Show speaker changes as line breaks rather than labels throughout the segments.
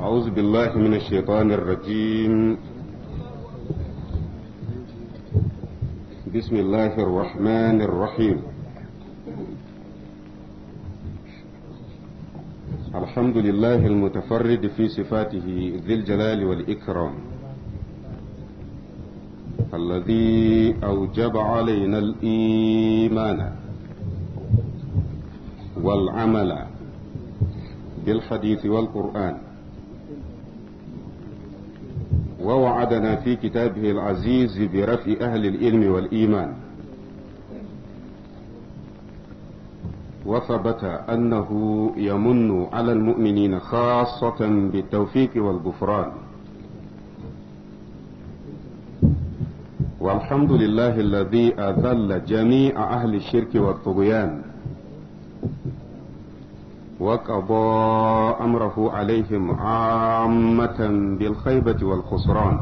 أعوذ بالله من الشيطان الرجيم بسم الله الرحمن الرحيم الحمد لله المتفرد في صفاته ذي الجلال والإكرام الذي أوجب علينا الإيمان والعمل بالحديث والقرآن ووعدنا في كتابه العزيز برفع أهل العلم والإيمان وثبت أنه يمن على المؤمنين خاصة بالتوفيق والغفران والحمد لله الذي أذل جميع أهل الشرك والطغيان وقضى أمره عليهم عامة بالخيبة والخسران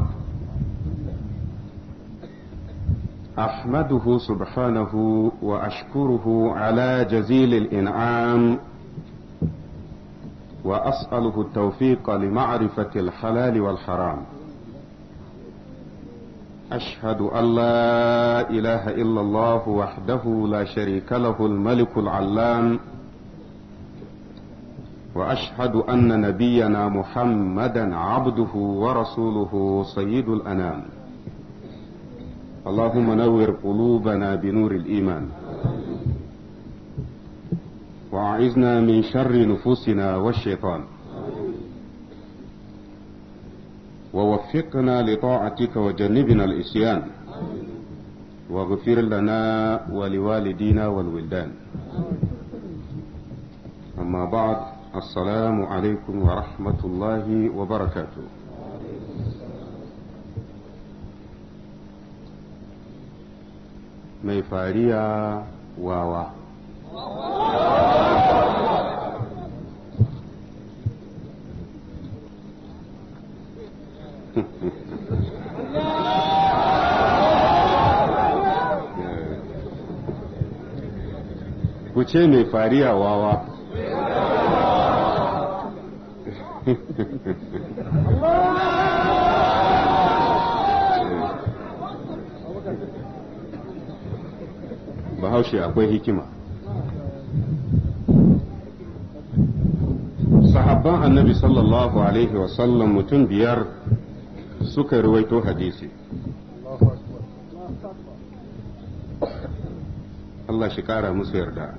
أحمده سبحانه وأشكره على جزيل الإنعام وأسأله التوفيق لمعرفة الحلال والحرام أشهد أن لا إله إلا الله وحده لا شريك له الملك العلام واشهد ان نبينا محمدا عبده ورسوله سيد الانام اللهم نور قلوبنا بنور الايمان واعذنا من شر نفوسنا والشيطان ووفقنا لطاعتك وجنبنا الاسيان واغفر لنا ولوالدينا والولدان اما بعد السلام عليكم ورحمة الله وبركاته ميفاريا واوا ku ce mai fariya wawa bahaushe akwai hikima sahabban annabi sallallahu alaihi wasallam mutum biyar suka ruwaito hadisi Allah shi kara musu yarda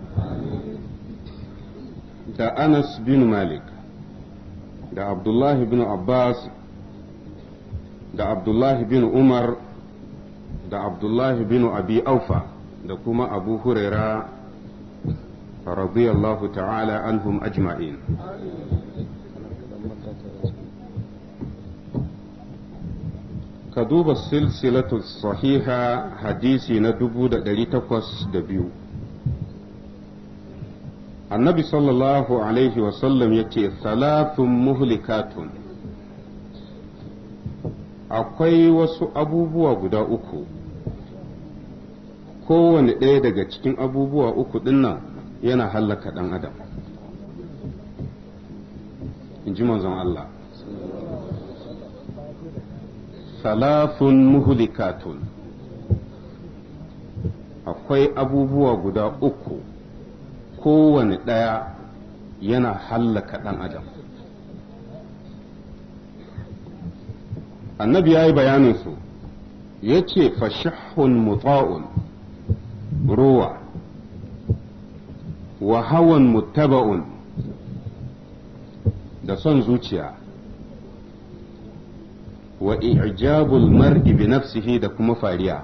da Anas bin Malik da abdullahi bin abbas da abdullahi bin umar da abdullahi bin abi aufa da kuma abu huraira radiyallahu ta'ala anhum ajma'in ka duba silsilatu sahiha hadisi na dubu da ɗari takwas da biyu annabi sallallahu alaihi wasallam ya ce salatun muhlikatun akwai wasu abubuwa guda uku kowane ɗaya daga cikin abubuwa uku dinnan yana hallaka ɗan adam in ji manzon Allah salatun muhlikatun akwai abubuwa guda uku kowane ɗaya yana hallaka ɗan adam annabi ya yi bayaninsu ya ce fashihun muta'un ruwa wa hawan Mutaba'un da son zuciya wa ijabul mar'i bi nafsihi da kuma fariya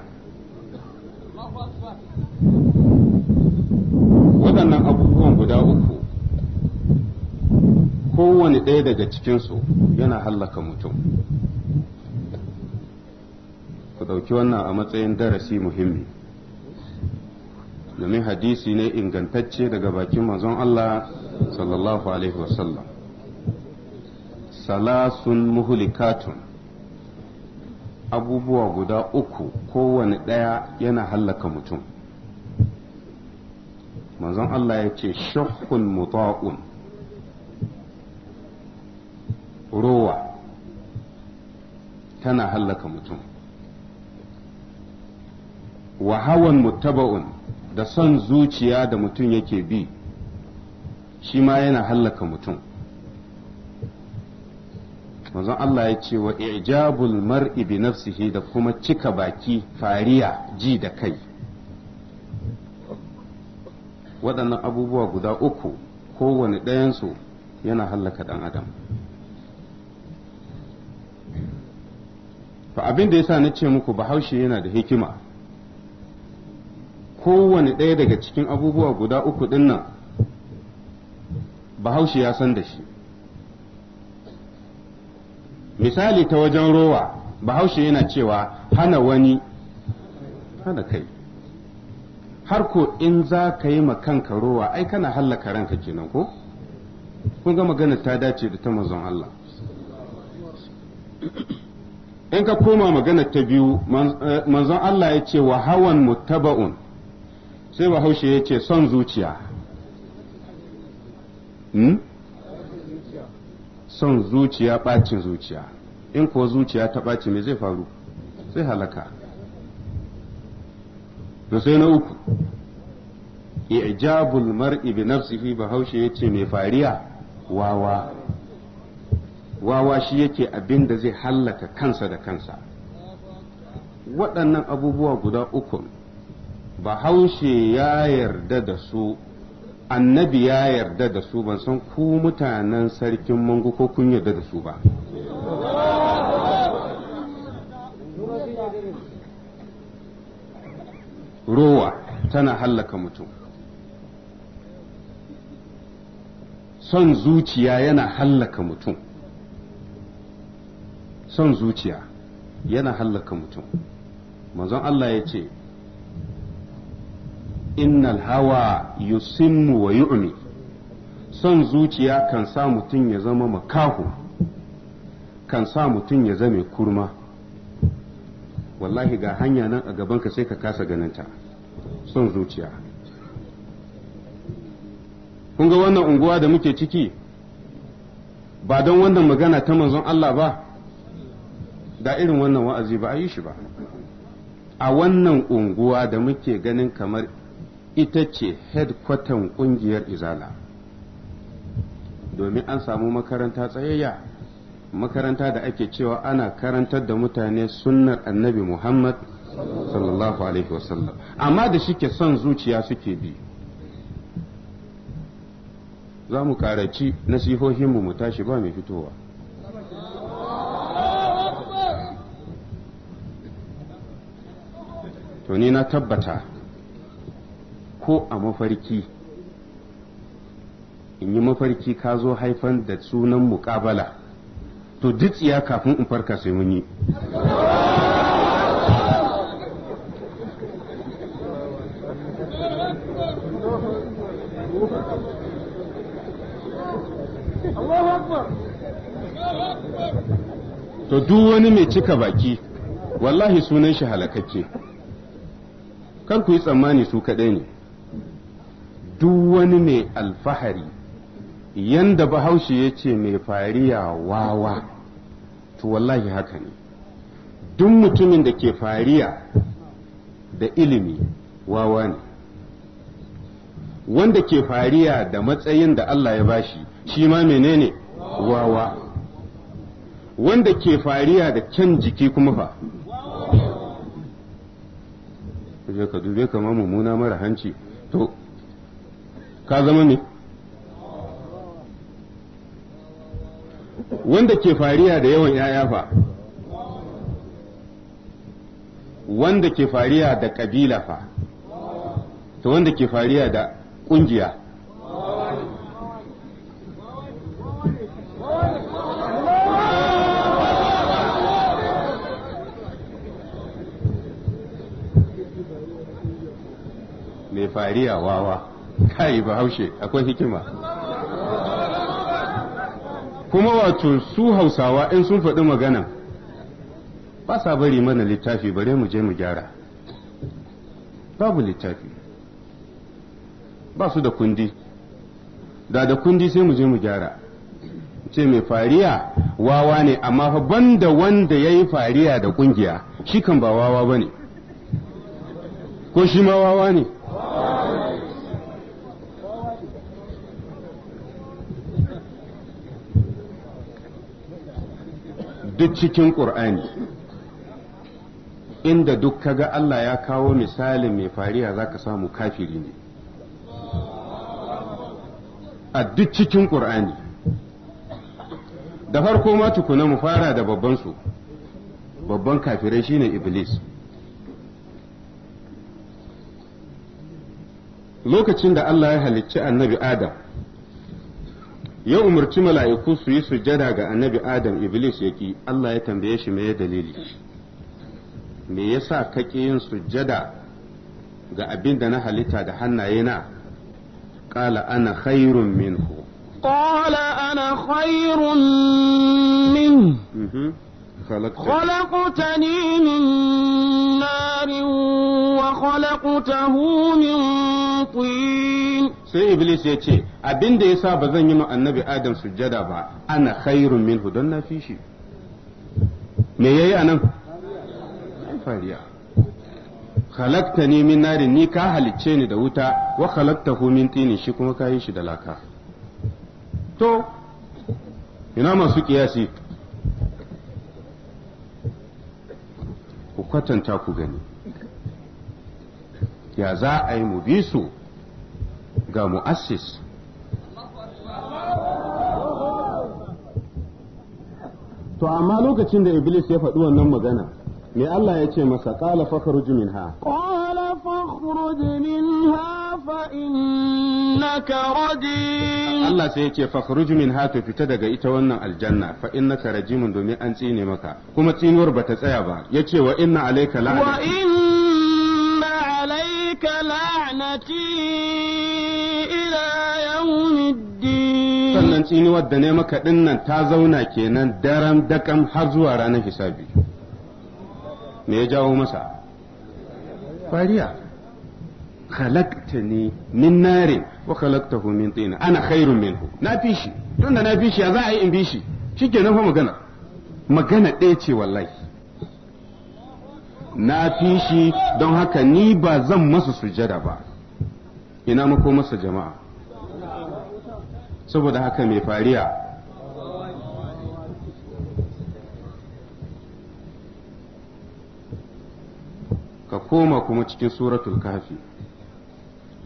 guda uku kowane ɗaya daga cikinsu yana hallaka mutum ku ɗauki wannan a matsayin darasi muhimmi domin hadisi ne ingantacce daga bakin manzon Allah sallallahu alaihi wasallam salasun muhulikatun abubuwa guda uku kowane ɗaya yana hallaka mutum manzon Allah ya ce shakkun muta'un rowa tana hallaka mutum wa hawan muttaba'un da son zuciya da mutum yake bi shi ma yana hallaka mutum manzon Allah ya ce wa ijabul mar'i bi nafsihi da kuma cika baki fariya ji da kai waɗannan abubuwa guda uku kowane ɗayansu yana hallaka ɗan adam fa abin da yasa na ce muku bahaushe yana da hikima kowane ɗaya daga cikin abubuwa guda uku ɗin nan bahaushe ya san da shi misali ta wajen rowa bahaushe yana cewa hana wani hana kai har ko in za ka yi ma kanka rowa ai kana hallaka ranka kenan ko kun ga magana ta dace da ta mazan Allah in ka koma magana ta biyu eh, manzon Allah ya ce wa hawan muttaba'un sai bahaushe ya ce son zuciya hmm? son zuciya bacin zuciya in kuwa zuciya ta ɓaci me zai faru sai halaka da sai na uku ijabul mar'i bi nafsihi bahaushe yace mai fariya wawa wawa shi yake abin da zai hallaka kansa da kansa waɗannan abubuwa guda uku bahaushe ya yarda da su annabi ya yarda da su ban san ku mutanen sarkin mangu ko kun yarda da su ba rowa tana hallaka mutum son zuciya yana hallaka mutum son zuciya yana hallaka mutum manzon Allah ya ce innal hawa yusimmu wa yu'mi son zuciya kan sa mutum ya zama makaho kan sa mutum ya zame kurma wallahi ga hanya nan a gabanka sai ka kasa ganinta son zuciya kun ga wannan unguwa da muke ciki ba don wannan magana ta manzon Allah ba da irin wannan wa'azi ba a yi shi ba a wannan unguwa da muke ganin kamar ita ce headquarter kungiyar izala domin an samu makaranta tsayayya makaranta da ake cewa ana karantar da mutane sunnar annabi Muhammad sallallahu alaihi wasallam amma da shike son zuciya suke bi za mu karaci nasihohinmu mu tashi ba mai fitowa to ni na tabbata ko a mafarki in yi mafarki ka zo haifan da sunan muƙabala to duk tsiya kafin in farka sai mun yi to duk wani mai cika baki wallahi sunan shi halakakke kar ku yi tsammani su kaɗai ne duk wani mai alfahari yanda bahaushe ya ce mai fariya wawa to wallahi haka ne duk mutumin da ke fariya da ilimi wawa ne wanda ke fariya da matsayin da Allah ya bashi shi ma menene wawa wanda ke fariya da can jiki kuma fa je ka dube kama mummuna mara hanci to ka zama ne wanda ke fariya da yawan ‘ya'ya fa wanda ke fariya da ƙabila fa ta wanda ke fariya da ƙungiya mai fariya wawa kai ba haushe akwai hikima kuma wato su hausawa in sun faɗi magana ba sa bari mana littafi bare mu je mu gyara babu littafi ba su da kundi da da kundi sai mu je mu gyara ce mai fariya wawa ne amma fa da wanda ya yi fariya da ƙungiya shi kan ba wawa ba ne ko shi ma wawa ne duk cikin ƙur'ani inda duk kaga Allah ya kawo misalin mai fariya za ka samu kafiri ne a duk cikin ƙur'ani da farko ma tukuna mu fara da babban su babban kafirai shine iblis lokacin da Allah ya halicci annabi adam ya umarci mala'iku su yi sujada ga annabi adam iblis ya ki Allah ya tambaye shi me dalili me yasa kake yin sujada ga abin da na halitta da hannaye na ƙala ana khairun minhu
ƙala ana khairun mhm. min خلقتني من نار وخلقته من طين
sai iblis ya ce abin da yasa ba zan yi ma annabi adam sujjada ba ana khairun minhu don na fi shi me yayi anan ai fariya khalaqtani min narin ni ka halicce ni da wuta wa khalaqtahu min tinin shi kuma ka yi shi da laka to ina masu kiyasi ku kwatanta ku gani ya za a yi mu bi su ga mu'assis to amma lokacin da iblis ya faɗi wannan magana me Allah ya ce masa qala fakhruj minha
qala fakhruj minha fa innaka rajim
Allah sai yake fakhruj minha to fita daga ita wannan aljanna fa innaka rajimun domin an tsine maka kuma tsinuwar bata tsaya ba yace wa inna alayka la'nati wa inna alayka la'nati wannan tsinuwar da ne maka dinnan ta zauna kenan daram dakam har zuwa ranar hisabi me ya jawo masa fariya khalaqtani min narin wa khalaqtahu min tin ana khairun minhu na fi shi tunda na fi shi ya za a yi in bishi shi shikenan fa magana magana ɗaya ce wallahi na fi shi don haka ni ba zan masa sujada ba ina mako masa jama'a saboda haka mai fariya ka koma kuma cikin suratul kafi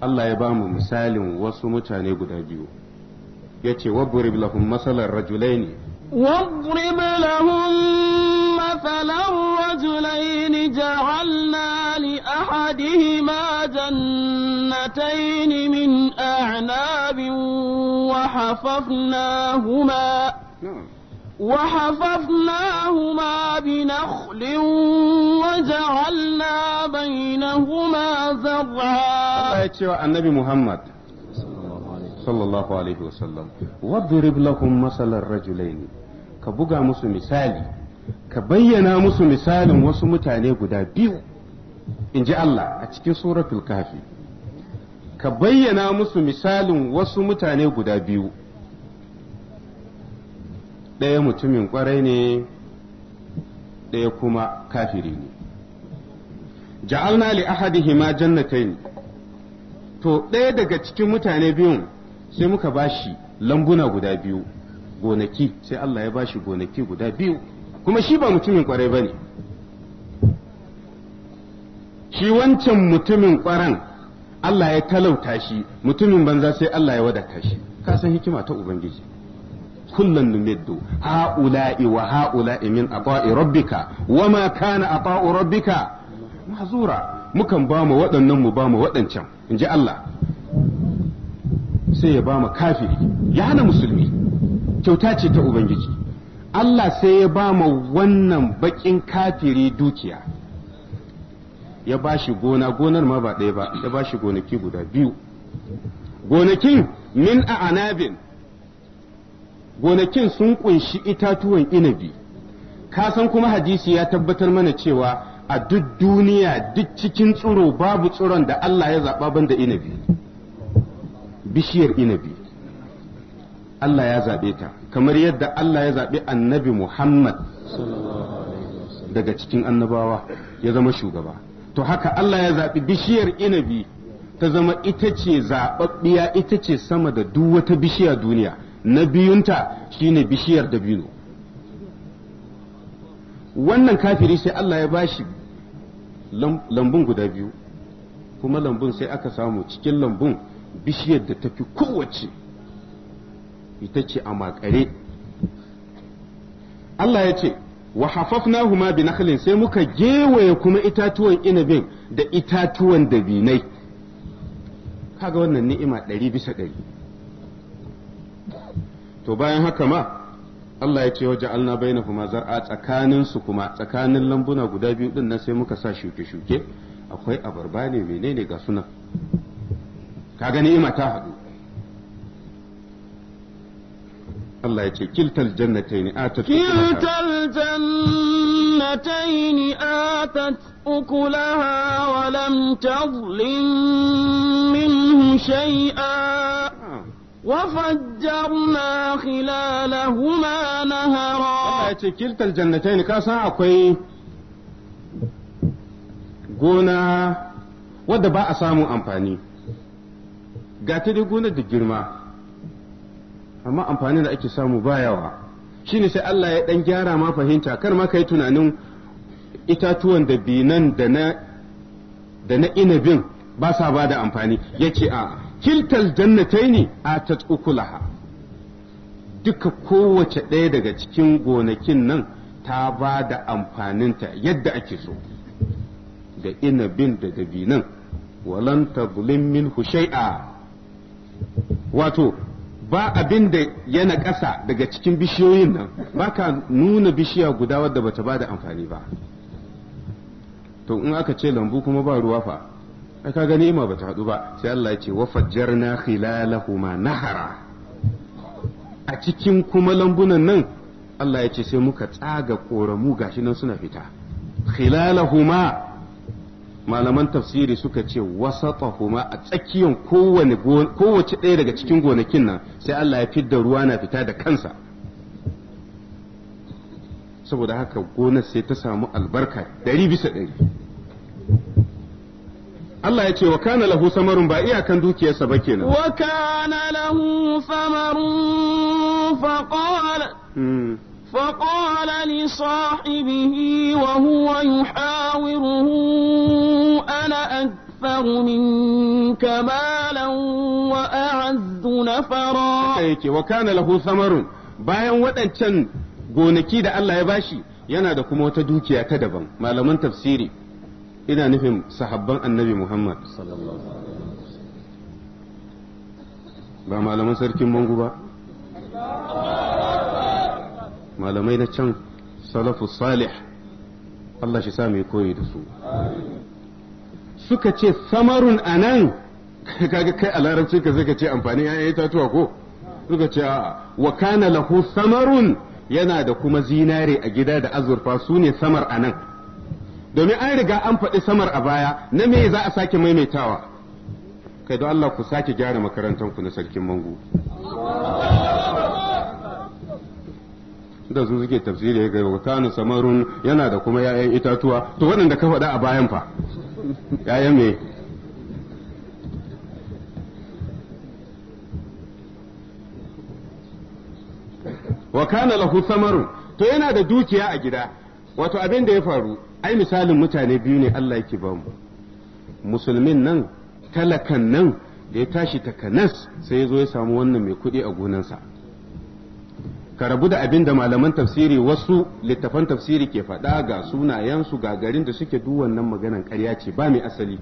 Allah ya ba mu misalin wasu mutane guda biyu ya ce waburib lahum masalar rajulaini ne
واضرب لهم مثلا رجلين جعلنا لأحدهما جنتين من أعناب وحفظناهما وحفظناهما بنخل وجعلنا بينهما زرعا
الله يتشوى النبي محمد صلى الله عليه وسلم واضرب لهم مثل الرجلين كبقى مسو مثالي كبينا مسو مثال وسو متعني قدا بيو إن جاء الله أتكي سورة الكافي ka bayyana musu misalin wasu mutane guda biyu ɗaya mutumin ƙwarai ne ɗaya kuma kafiri ne ja'alna li ahadihima ne. to ɗaya daga cikin mutane biyun sai muka bashi lambuna guda biyu gonaki sai Allah ya bashi gonaki guda biyu kuma shi ba mutumin ƙwarai ne. shi wancan mutumin ƙwaran Allah ya talauta shi mutumin banza sai Allah ya wadata shi ka san hikima ta ubangiji kullun numiddu haula'i wa haula'i min ata'i rabbika wama kana ata'u rabbika mazura mukan ba mu waɗannan mu ba mu waɗancan in ji Allah sai ya ba mu kafiri ya hana musulmi kyauta ce ta ubangiji Allah sai ya ba mu wannan bakin kafiri dukiya ya ba shi gona gonar ma ba ɗaya ba ya ba shi gonaki guda biyu gonakin min a anabin gonakin sun kunshi itatuwan inabi kasan kuma hadisi ya tabbatar mana cewa a duk duniya duk cikin tsoro babu tsoron da Allah ya zaɓa banda inabi bishiyar inabi Allah ya zaɓe ta kamar yadda Allah ya zaɓi annabi Muhammad daga cikin annabawa ya zama shugaba to haka Allah ya zaɓi bishiyar inabi ta zama ita ce zaɓaɓɓiya ita ce sama da duk wata bishiya duniya na biyunta shine bishiyar dabino wannan kafiri sai Allah ya bashi lambun guda biyu kuma lambun sai aka samu cikin lambun bishiyar da tafi kowace ita ce a makare Allah ya ce wa hafafnahuma bi nakhlin sai muka gewaye kuma itatuwan inabin da itatuwan dabinai kaga wannan ni'ima ɗari bisa ɗari to bayan haka ma Allah ya ce wa ja'alna bainahuma zar'a tsakanin su kuma tsakanin lambuna guda biyu din nan sai muka sa shuke-shuke akwai abarba ne menene ga sunan kaga ni'ima ta haɗu Allah ya ce kiltal jannatayn atat kiltal
jannatayn atat ukulaha wa lam tadlim minhu shay'a وفجرنا خلالهما
نهرا كلتا الجنتين كاسا akwai gona wadda ba a samu amfani ga ta dai gonar da girma amma amfani da ake samu ba yawa ne sai Allah ya ɗan gyara ma fahimta kar ma yi tunanin itatuwan da binan da na da na inabin ba sa ba da amfani ya ce a kiltal a atat ukulaha duka kowace ɗaya daga cikin gonakin nan ta ba da amfaninta yadda ake so da inabin da dabinan walanta tazlim hushai a wato ba abin da yana ƙasa daga cikin bishiyoyin nan ba ka nuna bishiya guda wadda bata ba da amfani ba to in aka ce lambu kuma ba ruwa fa ai ka gani ima bata haɗu ba sai Allah ya ce wa fajjarna khilalahuma nahara a cikin kuma lambunan nan Allah ya ce sai muka tsaga koramu gashi nan suna fita khilalahuma malaman tafsiri suka ce wasatahuma a tsakiyan kowace ɗaya daga cikin gonakin nan sai Allah ya fidda ruwa na fita da kansa saboda haka gonar sai ta samu albarka ɗari bisa ɗari Allah ya ce wa kana lahu samarun ba iyakan dukiyarsa ba kenan
wa kana lahu samarun فقال لصاحبه وهو يحاوره أنا أكثر منك مالا
وأعز نفرا وكان له ثمر bayan waɗancan gonaki da Allah ya bashi yana da kuma wata dukiya ta daban malaman tafsiri ina nufin sahabban annabi Muhammad ba malaman sarkin mangu ba malamai na can salafu salih Allah shi sa koyi da su suka ce samarun anan kaga kai a larabci ka suka ce amfani ya itatuwa ko suka ce a'a wa kana lahu samarun yana da kuma zinare a gida da azurfa su ne samar a nan domin an riga an faɗi samar a baya na me za a sake maimaitawa kai don Allah ku sake gyara makarantanku na sarkin mangu da su suke tafsiri ya gaiwa kanu samarun yana da kuma ‘ya'yan itatuwa to waɗanda ka faɗa a bayan fa ‘ya'yan me wa kana lahu samarun to yana da dukiya a gida wato abin da ya faru ai misalin mutane biyu ne Allah yake ba mu musulmin nan talakan nan da ya tashi takanas sai ya zo ya samu wannan mai kuɗi a gonansa ka rabu da abin da malaman tafsiri wasu littafan tafsiri ke faɗa ga sunayensu ga garin da suke duk wannan maganan ƙarya ce ba mai asali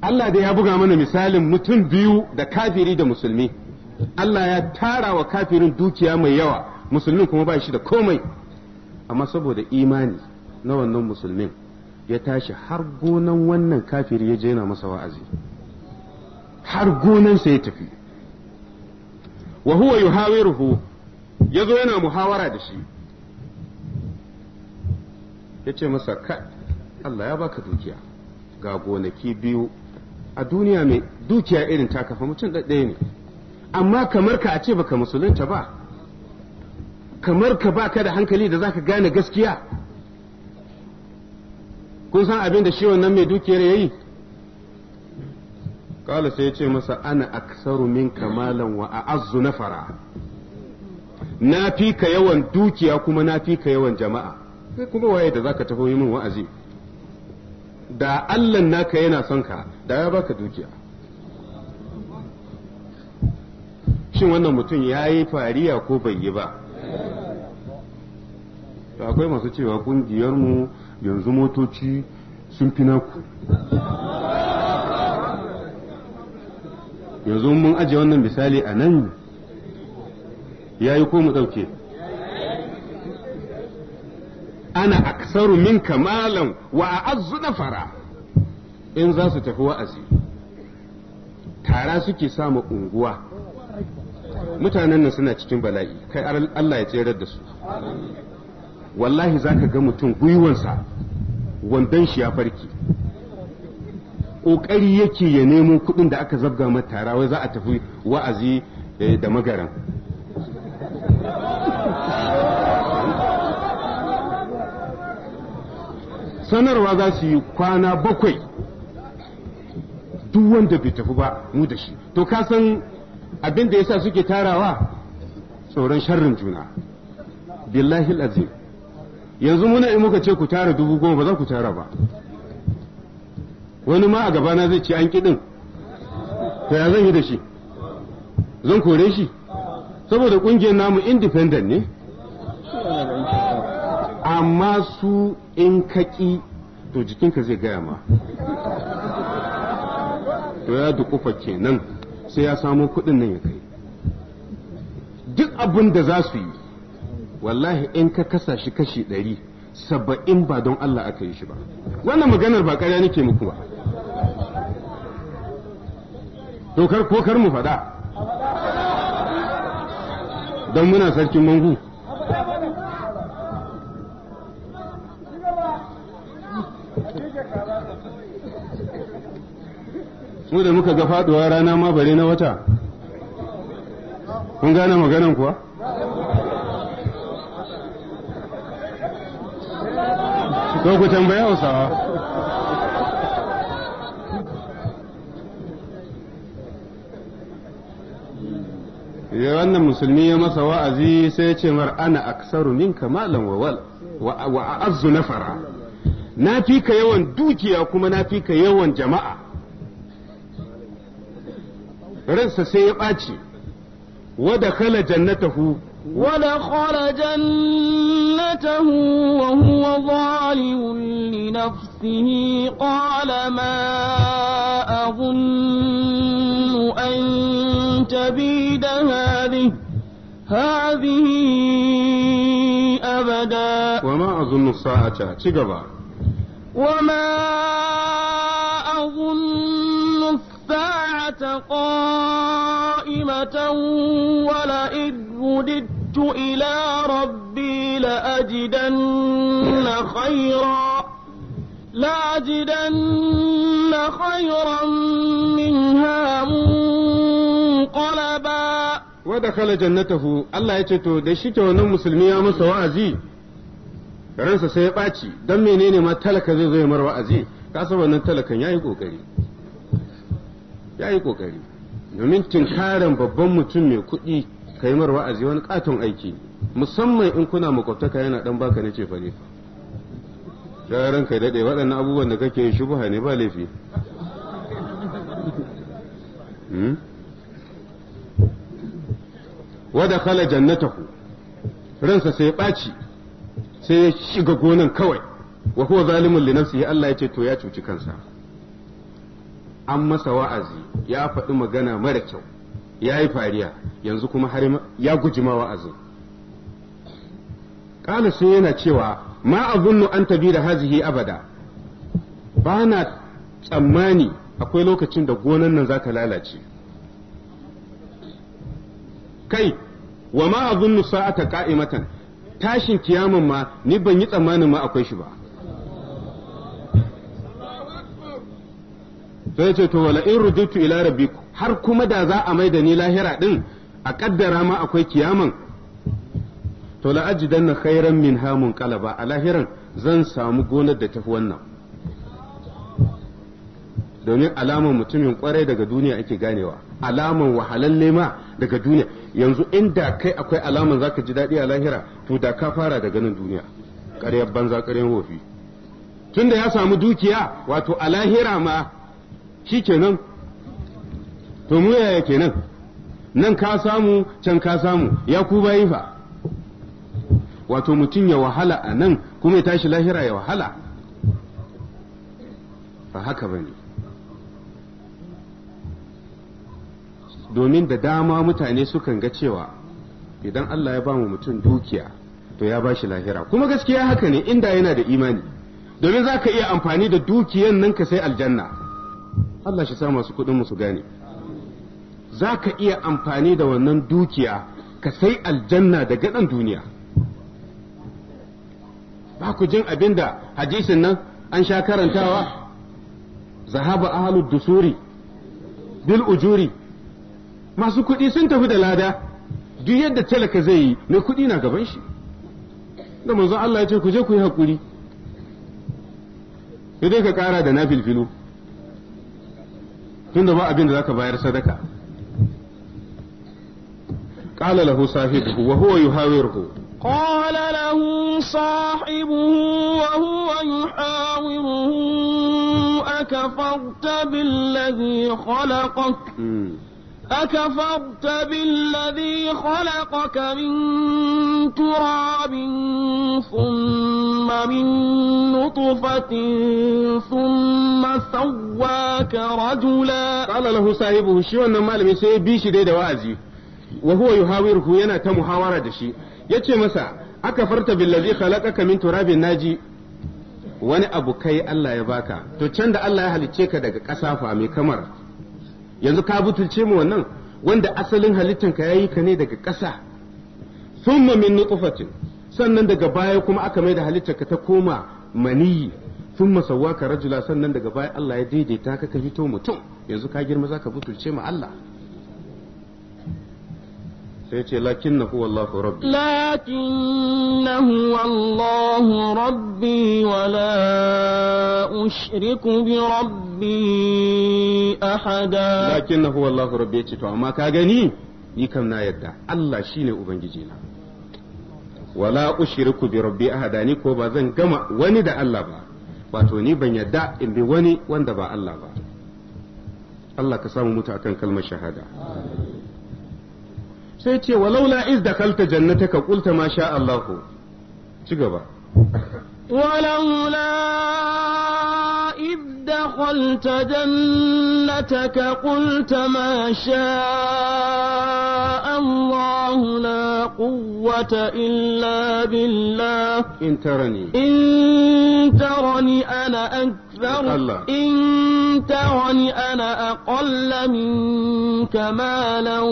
Allah da ya buga mana misalin mutum biyu da kafiri da musulmi Allah ya tara wa kafirin dukiya mai yawa musulmin kuma ba shi da komai amma saboda imani na wannan musulmin ya tashi har gonan wannan kafiri ya je yana masa wa'azi har gonansa ya tafi wa huwa yuhawiruhu ya zo yana muhawara da shi ya ce masa ka Allah ya baka dukiya ga gonaki biyu a duniya mai dukiya irin ta kafa mutum ɗaɗɗaya ne amma kamar ka a ce baka musulunta ba kamar ka ba ka da hankali da zaka gane gaskiya kun san abin da shi wannan mai dukiyar yi. kala sai ya ce masa ana aksaru min kamalan wa na fara. na fi ka yawan dukiya kuma na fi ka yawan jama'a sai kuma waye da zaka tafi yi min wa'azi da Allah naka yana son ka da ya baka dukiya shin wannan mutum ya yi fariya ko bai yi ba akwai masu cewa kungiyarmu yanzu motoci sun fi naku yanzu mun ajiye wannan misali a nan ya yi ko mu dauke ana aksaru minka kamalan wa a'azzu nafara in za su tafi wa'azi tara suke samu unguwa mutanen nan suna cikin bala'i kai Allah ya tserar da su wallahi za ka ga mutum gwiwansa wandon shi ya farki ƙoƙari yake ya nemo kuɗin da aka zabga mata tara wai za a tafi wa'azi eh, da magaran sanarwa za su yi kwana bakwai duk wanda bai tafi ba mu da shi to ka san abin da yasa suke tarawa tsoron sharrin juna billahi azim yanzu muna in muka ce ku tara dubu goma ba za ku tara ba wani ma a gabana zai ce an kiɗin to ya zan yi da shi zan kore shi saboda ƙungiyar namu independent ne amma su in kaƙi to jikinka zai gaya ma to ya dukufa kenan sai ya samo kuɗin nan ya kai duk abin da za su yi wallahi in ka kasa shi kashi ɗari saba'in ba don Allah aka yi shi ba wannan maganar ba ƙarya nake muku ba dokar ko mu faɗa don muna sarkin mangu mu da muka ga faduwa rana ma bare na wata kun gane maganan kuwa
ko ku tambaya hausawa
ya wannan musulmi ya masa wa'azi sai ce mar ana aksaru minka malan wal wa a'azzu nafara na fi ka yawan dukiya kuma na fi ka yawan jama'a ransa sai ya ɓaci wada ودخل جنته
وهو ظالم لنفسه قال ما أظن أن تبيد هذه هذه أبدا
وما أظن الساعة تقبع
وما أظن الساعة الصلاة قائمة ولئن رددت إلى ربي لأجدن خيرا لأجدن خيرا
منها منقلبا ودخل جنته الله يتو دشيت ونم مسلمي يا مسا وعزي ransa sai ya ɓaci don menene ma talaka zai zo ya mar wa'azi ka san wannan talakan yayi kokari ya yi ƙoƙari domin tinkarin babban mutum mai kuɗi ka yi mar wa'azi wani ƙaton aiki musamman in kuna makwabtaka yana ɗan baka na cefa ne yaran kai daɗe waɗannan abubuwan da kake buha ne ba laifi hmm? wada kala ku ransa sai ɓaci sai ya shiga gonan kawai wa zalumin zalimin linansu ya Allah ya ce to ya cuci kansa an masa wa'azi ya faɗi magana mara kyau ya yi fariya yanzu kuma har ya guji ma wa'azi. ƙala sai yana cewa ma zunnu an tabi da hazihi abada ba na tsammani akwai lokacin da gonan nan za ta lalace kai wa ma zunnu sa'ata matan tashin kiyaman ma ni ban yi tsammanin ma akwai shi ba sai ce to wala in rujutu ila rabbiku har kuma da za a mai da ni lahira din a kaddara ma akwai kiyaman to la ajidanna khairan min hamun qalaba a lahiran zan samu gonar da tafi wannan domin alaman mutumin kwarai daga duniya ake ganewa alaman wahalalle ma daga duniya yanzu inda kai akwai alaman zaka ji daɗi a lahira to da ka fara daga nan duniya ƙaryar banza ƙaryar wofi tunda ya samu dukiya wato a lahira ma shi kenan to mu yaya kenan nan ka samu can ka samu ya ku bayi fa wato mutum ya wahala a nan kuma ya tashi lahira ya wahala ba haka ba ne domin da dama mutane sukan ga cewa idan Allah ya ba mu mutum dukiya to ya ba shi lahira kuma gaskiya haka ne inda yana da imani domin za ka iya amfani da dukiyan nan ka sai aljanna Allah shi sa masu kuɗin su gane za ka iya amfani da wannan dukiya ka sai aljanna da gaɗan duniya ba ku jin abin da hadisin nan an sha karantawa zahaba ahalud dusuri bil ujuri masu kuɗi sun tafi da lada duk yadda talaka zai yi mai kuɗi na gaban shi da manzon Allah ya ce ku je ku yi haƙuri sai dai ka ƙara da na filfilo tunda ba abin da zaka bayar sadaka qala lahu sahibuhu wa huwa yuhawiruhu
qala lahu sahibuhu wa huwa yuhawiruhu akafarta billadhi khalaqak أكفرت بالذي خلقك من تراب ثم من نطفة ثم
سواك رجلا قال له صاحبه شو أن مالمي سيبيش دي دوازي وهو يهاوره ينا تم حوارة دشي يتشي مسا أكفرت بالذي خلقك من تراب ناجي وانا أبو كاي الله يباكا تو چند الله يحلي تشيك دك أسافة مي كمر yanzu ka butulce mu wannan wanda asalin halittan ka yayi ka ne daga ƙasa thumma min nutfatin sannan daga baya kuma aka mai da halittar ka ta koma maniyi thumma sawwaka rajula sannan daga baya Allah ya daidaita ka ka fito mutum yanzu ka girma zaka butulce ma Allah sai ce lakin na huwa Allahu rabbi
lakin na huwa Allahu rabbi wa la ushriku
bi rabbi ahada lakin na huwa Allahu rabbi yace to amma ka gani ni kam na yadda Allah shine ubangiji na wala ushriku bi rabbi ahada ni ko ba zan gama wani da Allah ba wato ni ban yadda in bi wani wanda ba Allah ba Allah ka samu mutu akan kalmar shahada amin sai ce walaula iz dakalta jannataka qulta ma sha Allah ci gaba
ولولا إذ دخلت جنتك قلت ما شاء الله لا قوة إلا بالله
إن ترني
إن ترني أنا أكبر Allah. In ta ana a ƙwallamin kamalan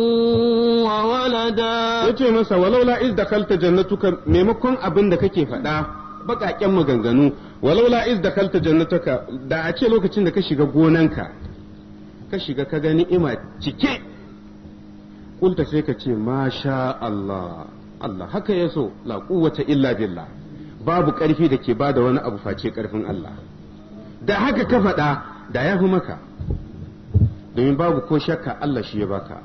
walada. Ya ce masa walaula iz da kalta jannatuka maimakon abin da kake faɗa baƙaƙen maganganu walaula iz da kalta jannatuka da a ce lokacin da ka shiga gonanka ka shiga ka ga ni'ima cike kulta sai ka ce masha Allah Allah haka ya so la kuwata illa billa babu ƙarfi da ke bada wani abu face ƙarfin Allah. da haka ka faɗa da ya fi maka domin babu ko shakka Allah shi ya baka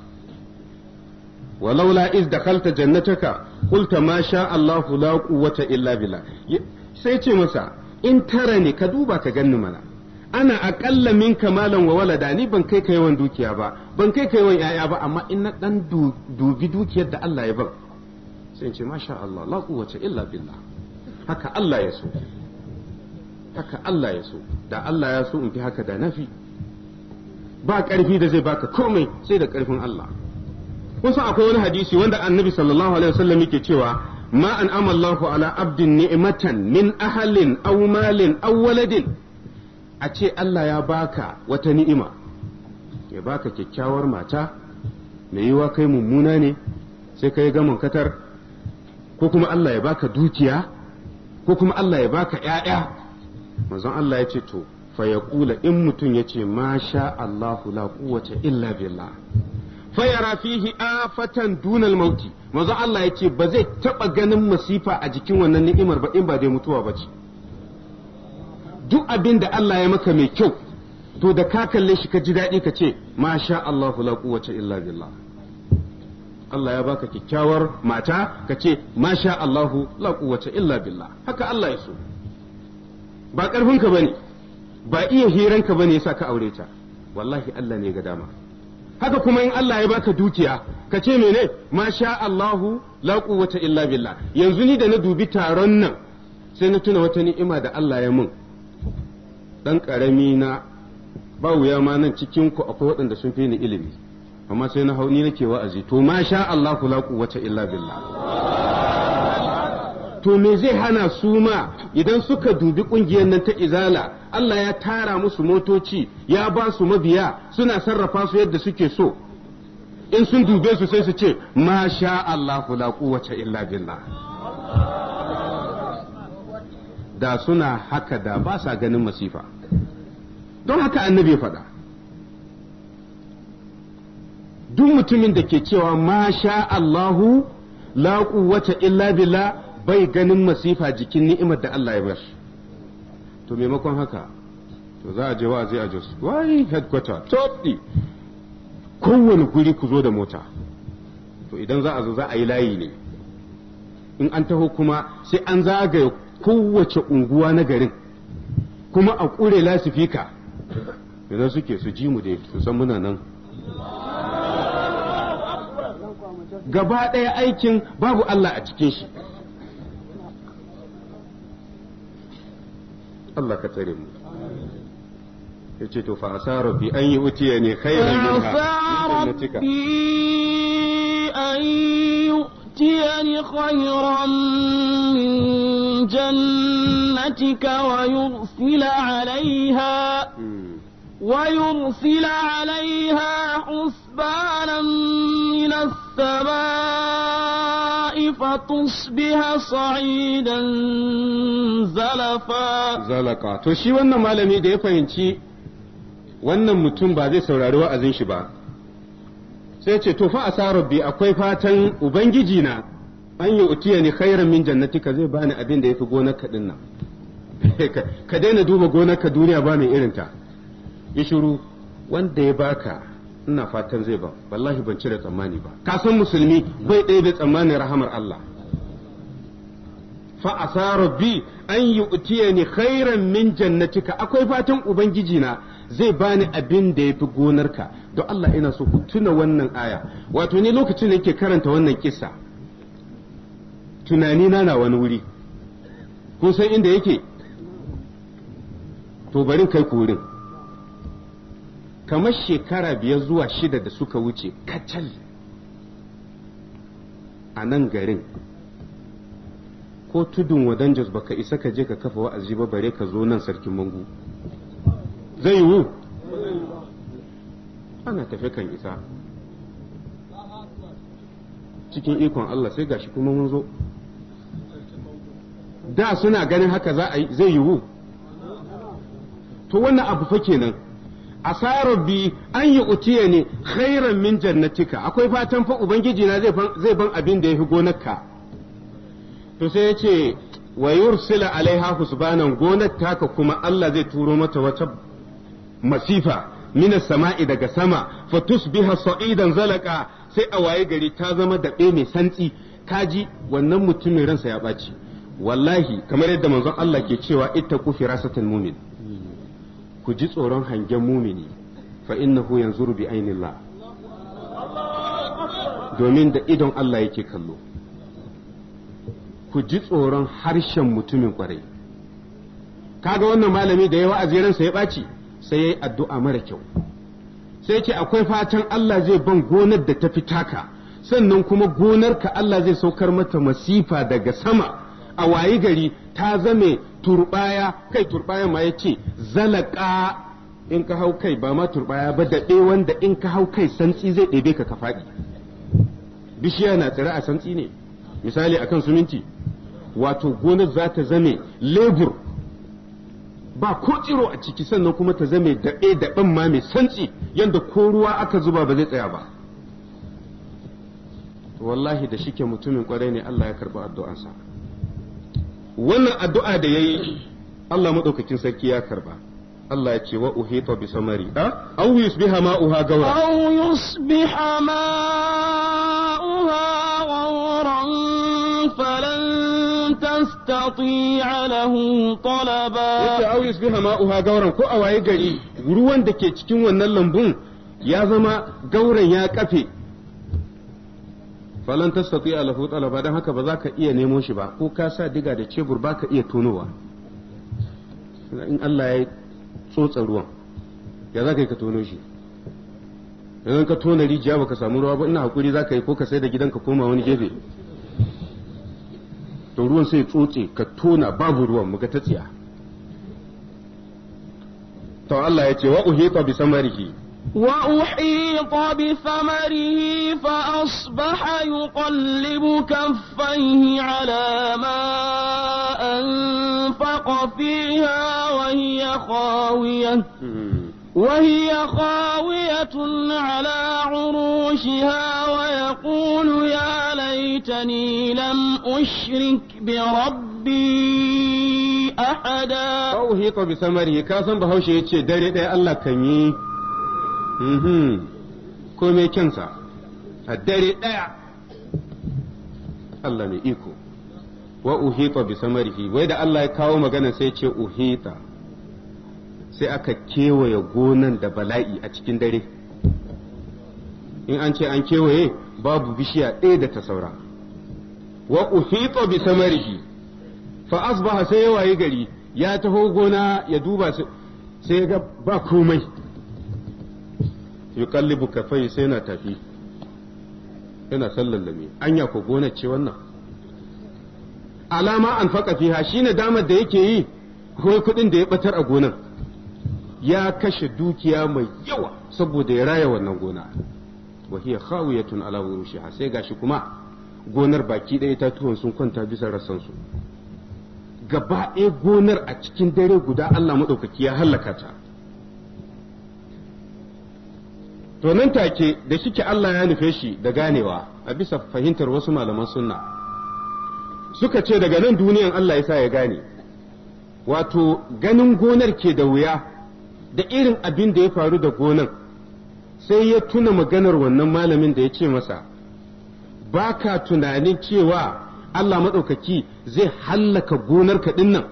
walaula iz dakhalta jannataka qulta ma sha Allahu la quwwata illa billah sai ce masa in tara ne ka duba ka ganni mana ana aƙalla min kamalan wa walada ni ban kai ka yawan dukiya ba ban kai ka yawan yaya ba amma in na dan dubi dukiyar da Allah ya bar sai ce masha Allah la quwwata illa billah haka Allah ya so haka Allah ya so da Allah ya so in fi haka da nafi ba karfi da zai baka komai sai da karfin Allah wasu akwai wani hadisi wanda annabi sallallahu alaihi wasallam yake cewa ma an amallahu ala abdin ni'matan min ahalin aw malin aw waladin a ce Allah ya baka wata ni'ima ya baka kyakkyawar mata mai yiwa kai mummuna ne sai kai ga katar ko kuma Allah ya baka dukiya ko kuma Allah ya baka ‘ya'ya manzon Allah ya ce to fa ya kula in mutum ya ce ma sha Allah la quwwata illa billah fa yara fihi afatan dunal mauti manzon Allah ya ce ba zai taba ganin masifa a jikin wannan ni'imar ba in ba dai mutuwa ba ce duk abin da Allah ya maka mai kyau to da ka kalle shi ka ji daɗi ka ce ma sha Allah la quwwata illa billah Allah ya baka kyakkyawar mata ka ce masha Allah la quwwata illa billah haka Allah ya so ba ƙarfinka ba ne ba iya hiranka ka bane ya sa ka aure ta wallahi Allah ne ga dama haka kuma in Allah ya baka dukiya ka ce mene ma sha Allahu la quwwata illa billah yanzu ni da na dubi taron nan sai na tuna wata ni'ima da Allah ya mun dan karami na ba wuya ma nan cikin ku akwai waɗanda sun fi ni ilimi amma sai na hauni nake wa'azi to masha sha Allahu la quwwata illa billah to me zai hana su ma idan suka dubi kungiyar nan ta izala Allah ya tara musu motoci ya ba su mabiya suna sarrafa su yadda suke so in sun dube su sai su ce masha Allah la quwwata illa billah da suna haka da ba sa ganin masifa don haka annabi faɗa duk mutumin da ke cewa masha Allahu la quwwata illa billah bai ganin masifa jikin ni'imar da Allah ya bar to maimakon haka to za a je wa'azi a Jos wai headquarter top ɗi. kowane guri ku zo da mota to idan za a zo za a yi layi ne in an taho kuma sai an zagaye kowace unguwa na garin kuma a ƙure lasifika idan suke su ji mu dai su san muna nan gaba ɗaya aikin babu Allah a cikin shi Allah ka tsare mu yace to fa asara bi an yu'tiya ne khairan minha
an yu'tiyani khairan min jannatika wa yursila 'alayha ويرسل عليها حسبانا من السماء فتصبح صعيدا
to shi wannan malami da ya fahimci wannan mutum ba zai saurari wa'azin shi ba sai ce to fa asa rabbi akwai fatan ubangiji na an yi utiya ni khairan min jannatika zai bani abin da fi gonar ka dinnan ka daina duba gonar ka duniya ba mai irinta ya shiru wanda ya baka ina fatan zai ba wallahi ban cire tsammani ba Ka san musulmi bai ɗaya da tsammanin rahamar Allah fa asara bi an ne khairan min jannatika akwai fatan ubangiji na zai bani abin da yafi gonarka don Allah ina so ku tuna wannan aya wato ni lokacin da yake karanta wannan kisa tunani na na wani wuri kun san inda yake to bari kai ku wurin kamar shekara biyar zuwa shida da suka wuce kacal a nan garin ko tudun wadan jos baka isa ka je ka kafa wa'azi ba bare ka zo nan sarkin mangu zai yiwu ana tafe kan isa cikin ikon Allah sai gashi kuma mun zo da suna ganin haka za a zai yiwu to wannan abu fa kenan asa bi an yi utiya ne khairan min jannatika akwai fatan fa ubangiji na zai ban abin da ya fi gonarka to sai ya ce wa yursila alaiha husbanan gonar taka kuma Allah zai turo mata wata masifa min sama'i daga sama Fatus tusbiha sa'idan zalaka sai a waye gari ta zama daɓe mai santsi kaji wannan mutumin ransa ya ɓaci wallahi kamar yadda manzon Allah ke cewa ittaqu firasatal mu'min ku ji tsoron hangen mumini fa innahu yanzuru bi ainillah domin da idon Allah yake kallo ku ji tsoron harshen mutumin kwarai kaga wannan malami da ya wa ransa ya ɓaci sai yayi addu'a mara kyau sai ke akwai fatan Allah zai ban gonar da ta fi taka sannan kuma gonarka Allah zai saukar mata masifa daga sama a wayi gari ta zame turbaya kai turbaya ma ya ce zalaka in ka hau kai ba ma turbaya ba daɗe wanda in ka hau kai santsi zai ɗebe ka ka faɗi bishiya na tsira a santsi ne misali a kan suminti wato gonar za ta zame lebur ba ko tsiro a ciki sannan kuma ta zame daɓe daɓen ma mai santsi yadda ko ruwa aka zuba ba zai tsaya ba wallahi da shike mutumin kwarai ne Allah ya karɓi addu'ansa wannan addu'a da yayi Allah madaukakin sarki ya karba Allah ya ce wa uhita bi samari a aw yusbiha ma'uha gawra
aw yusbiha ma'uha gawran falan
tastati'a lahu talaba yace aw yusbiha ma'uha gawran ko a waye gari ruwan da ke cikin wannan lambun ya zama gauran ya kafe falan tastati alahu ba don haka ba za ka iya nemo shi ba ko ka sa diga da cebur ba ka iya tonowa in Allah ya tsotsa ruwan ya za ka yi ka tono shi yanzu ka tona rijiya ba ka samu ruwa ba ina hakuri za ka yi ko ka sai da gidan ka koma wani gefe to ruwan sai tsotse ka tona babu ruwan muka ta tsiya to Allah ya ce wa uhita bi samarihi
وأحيط بثمره فأصبح يقلب كفيه على ما أنفق فيها وهي خاوية وهي خاوية على عروشها ويقول يا ليتني لم أشرك
بربي أحدا أوهيط بثمره كاسم بهوشي يتشي الله كنيه Mhm. komai kyansa a dare ɗaya Allah mai iko wa uhita bi samarihi wai da Allah ya kawo magana sai ce uhita sai aka kewaye gonan da bala'i a cikin dare in an ce an kewaye babu bishiya ɗaya da ta saura wa uhita bi samarihi fa asbaha sai ya wayi gari ya taho gona ya duba sai ga ba komai yuqallibu kafai sai na tafi yana sallallame anya ko gonar ce wannan alama an faka fiha shine damar da yake yi ko kudin da ya batar a gonar ya kashe dukiya mai yawa saboda ya raya wannan gona wa hiya khawiyatun ala wurushiha sai gashi kuma gonar baki ɗaya tuwon sun kwanta bisa rassansu gaba ɗaya gonar a cikin dare guda Allah maɗaukaki ya hallaka ta to nan take da shike Allah ya nufe shi da ganewa a bisa fahimtar wasu malaman sunna suka ce daga nan duniyan Allah ya sa ya gane wato ganin gonar ke da wuya da irin abin da ya faru da gonar sai ya tuna maganar wannan malamin da ya ce masa ba ka tunanin cewa Allah maɗaukaki zai hallaka gonar kaɗin nan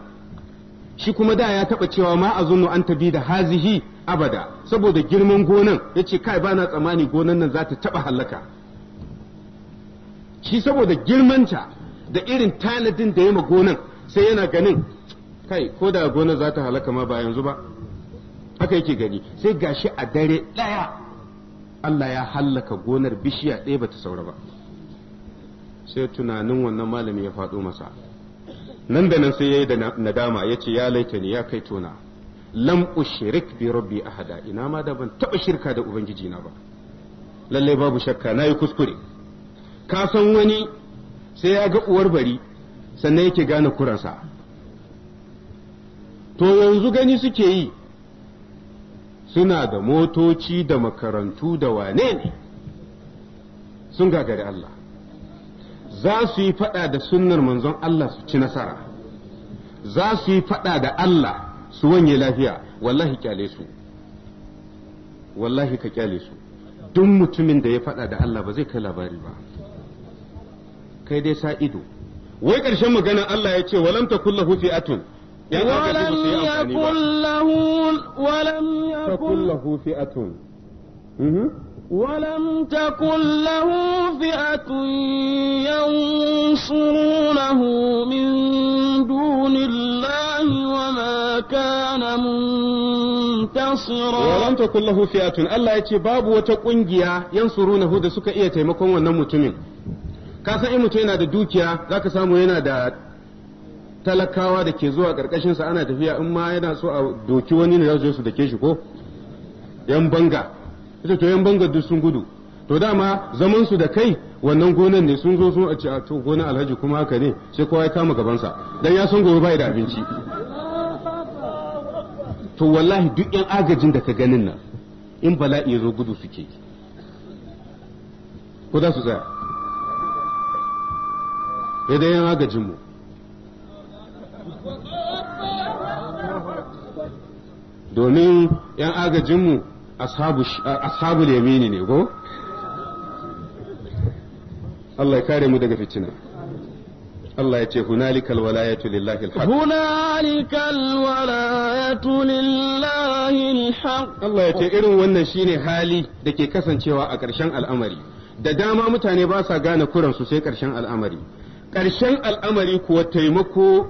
shi kuma da ya taɓa cewa ma a an tabi da hazihi abada saboda girman gonan ya ce kai ba na tsammani gonan nan za ta taɓa hallaka shi saboda girmanta da irin tanadin da ya ma gonan sai yana ganin kai ko da gonar za ta halaka ma ba yanzu ba haka yake gani sai gashi a dare ɗaya Allah ya hallaka gonar bishiya ɗaya bata saura ba sai tunanin wannan malami ya faɗo masa nan da nan sai ya yi da nadama ya ce ya laita ne ya kai tona lam ushrik bi rabbi ahada ina ma da ban taba shirka da ubangiji na ba lalle babu shakka nayi kuskure ka san wani sai ya ga uwar bari sannan yake gane kuransa to yanzu gani suke yi suna da motoci da makarantu da wane ne sun gagari Allah za su yi fada da sunnar manzon Allah su ci nasara za su yi fada da Allah su wanye lafiya wallahi kyale su wallahi ka kyale su duk mutumin da ya faɗa da Allah ba zai kai labari ba kai dai sa ido wai ƙarshen magana Allah ya ce walam takul lahu fi'atun ولم يكن
له ولم يكن
له فئة ولم تكن له
فئة ينصرونه من دون الله ما كان منتصرا
ولم تكن له فئة الله يتي باب وتقنجيا ينصرونه da suka iya taimakon wannan mutumin kasan san in mutum yana da dukiya zaka samu yana da talakawa da ke zuwa karkashin sa ana tafiya in ma yana so a doki wani ne zai su dake shi ko yan banga ita to yan banga duk sun gudu to dama zaman su da kai wannan gonan ne sun zo sun a ce a to gonan alhaji kuma haka ne sai kowa ya kama gabansa dan ya san gobe bai da abinci to wallahi duk yan agajin da ka ganin nan in bala'i ya zo gudu suke ko za su tsaya idan yan agajin mu domin yan agajin mu ashabu yamini ne ko Allah ya kare mu daga fitina Allah ya ce hunalikal walayatu lillahi alhaq hunalikal walayatu lillahi alhaq Allah ya ce irin wannan shine hali da ke kasancewa a ƙarshen al'amari da dama mutane ba sa gane kuran su sai ƙarshen al'amari ƙarshen al'amari kuwa taimako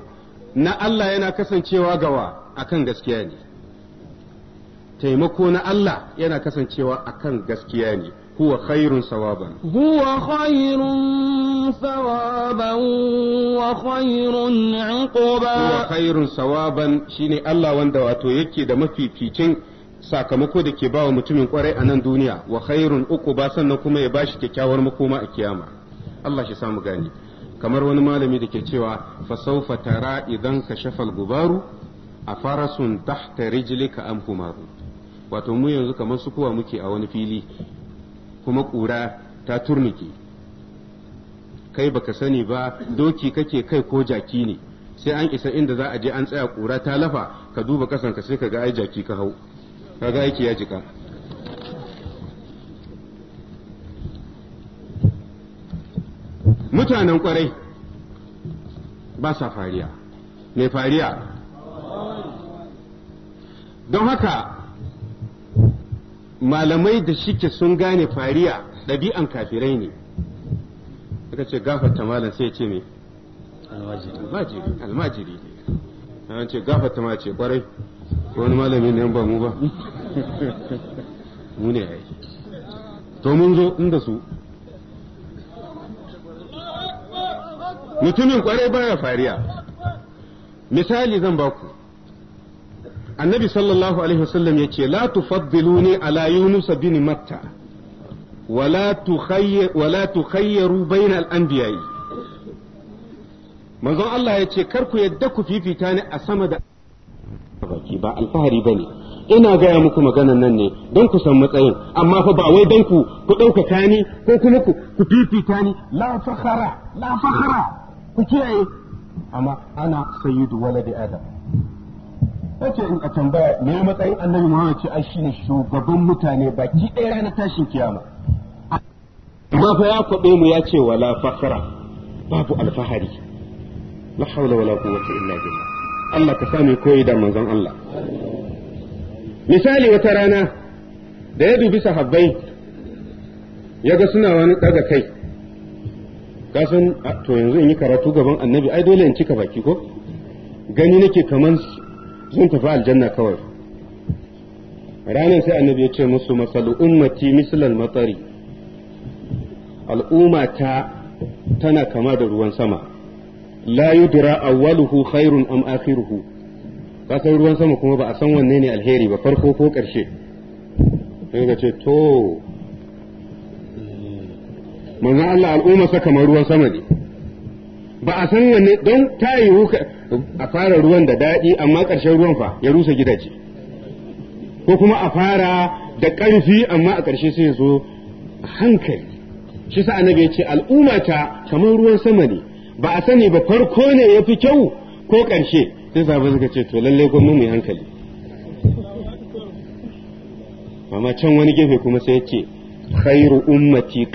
na Allah yana kasancewa gawa akan gaskiya ne taimako na Allah yana kasancewa akan gaskiya ne خير ثوابا sawaban
خير ثوابا sawaban wa هو
خير ثوابا شيني sawaban shine Allah wanda wato yake da mafificin sakamako da ke bawa mutumin kwarai a nan duniya wa khairun ba sannan kuma ya bashi kyakkyawar makoma a kiyama Allah shi samu gani kamar wani malami da ke cewa fa sawfa tara idan ka shafal gubaru a farasun tahta rijlika amhumaru wato mu yanzu kamar su kowa muke a wani fili kuma ƙura ta turnuke kai baka sani ba doki kake kai ko jaki ne sai an isa inda za a je an tsaya ƙura ta lafa ka duba kasanka sai ka ga ai jaki ka hau ka ga aiki ya jika mutanen kwarai ba sa fariya mai fariya don haka malamai da shike sun gane fariya ɗabi'an kafirai ne suka ce gafarta malam sai ce me almajiri almajiri an ce gafarta ma ce kwarai wani malami ne ba mu ba mu ne ai to mun zo inda su mutumin kwarai baya fariya misali zan baku annabi sallallahu alaihi wasallam ce la tufaddiluni ala yunus bin matta wala tukhayya wala tukhayyaru bainal anbiya'i manzon Allah ya ce kar ku yadda ku fifita ni a sama da baki ba alfahari bane ina gaya muku maganan nan ne don ku san matsayin amma fa ba wai don ku ku ɗaukaka ni ko kuma ku ku fifita ni la fakhara la fakhara ku kiyaye amma ana sayyidu waladi adam wace in a tambaya me matsayin annabi Muhammad ce ai shine shugaban mutane baki ɗaya ranar tashin kiyama amma fa ya kwabe mu ya ce wala fakhra babu alfahari la hawla wala quwwata illa billah Allah ka sani koyi da manzon Allah misali wata rana da ya dubi sahabbai ya ga suna wani daga kai kasan to yanzu in yi karatu gaban annabi ai dole in cika baki ko gani nake kaman sun tafi aljanna kawai ranar sai annabi ya ce musu masalu ummati mislal matsari al'ummata tana kama da ruwan sama la yudra awwaluhu khairun am akhiruhu kasan ruwan sama kuma ba a san wanne ne alheri ba farko ko karshe sai ka ce to manzo Allah al'umma sa kamar ruwan sama ne ba a san wanne don ta yiwu a fara ruwan da daɗi amma ƙarshen ruwan fa ya rusa gidaje ko kuma a fara da ƙarfi amma a ƙarshe sai zo hankali shi sa annabi ya ce al'umma ta kamar ruwan sama ne ba a sani ba farko ne ya fi kyau ko ƙarshe sai sabu suka ce to lalle gwamnu mai hankali amma can wani gefe kuma sai ya ce khairu ummati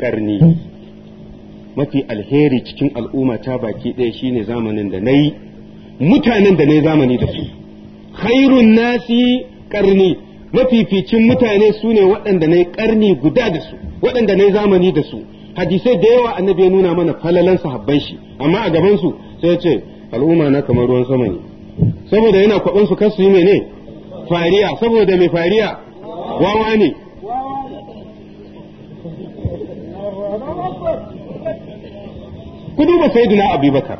mafi alheri cikin al'umma ta baki ɗaya shine zamanin da na yi mutanen da na yi zamani da su khairun nasi karni mafificin mutane su ne waɗanda na yi karni guda da su waɗanda na yi zamani da su hadisai da yawa annabi ya nuna mana falalan habban shi amma a gaban su sai ce al'umma na kamar ruwan sama ne saboda yana kwaban su su yi mene fariya saboda mai fariya wawa ne ku duba sayyidina abubakar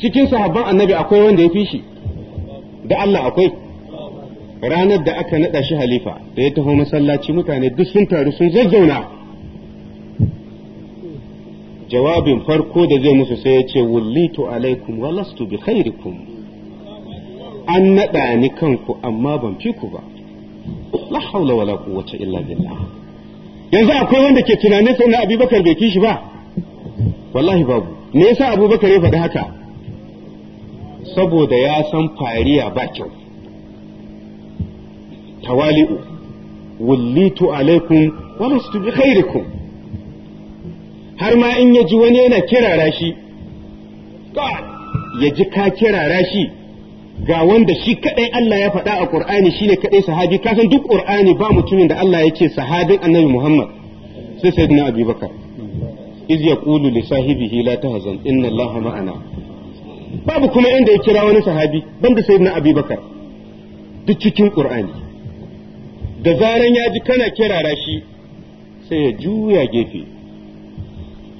cikin sahabban annabi akwai wanda ya fi shi da Allah akwai ranar da aka naɗa shi halifa da ya taho masallaci mutane duk sun taru sun zazzauna jawabin farko da zai musu sai ya ce wullitu alaikum wa lastu bi khairikum an naɗa ni kanku amma ban fi ku ba la haula wala quwwata illa billah yanzu akwai wanda ke tunanin sai na abubakar bai kishi ba wallahi babu me yasa abubakar ya faɗi haka saboda ya san fariya ba kyau tawali'u wullitu alaikum wa lastu bi khairikum har ma in yaji wani yana kirara shi ya ji ka kirara shi ga wanda shi kadai Allah ya faɗa a Qur'ani shine kadai sahabi kasan duk Qur'ani ba mutumin da Allah ya ce sahabin Annabi Muhammad sai sayyidina Abubakar iz yaqulu li sahibihi la tahzan inna allaha ma'ana babu kuma inda ya kira wani sahabi banda sayyidina abubakar duk cikin qur'ani da zaran ya ji kana kira shi sai ya juya gefe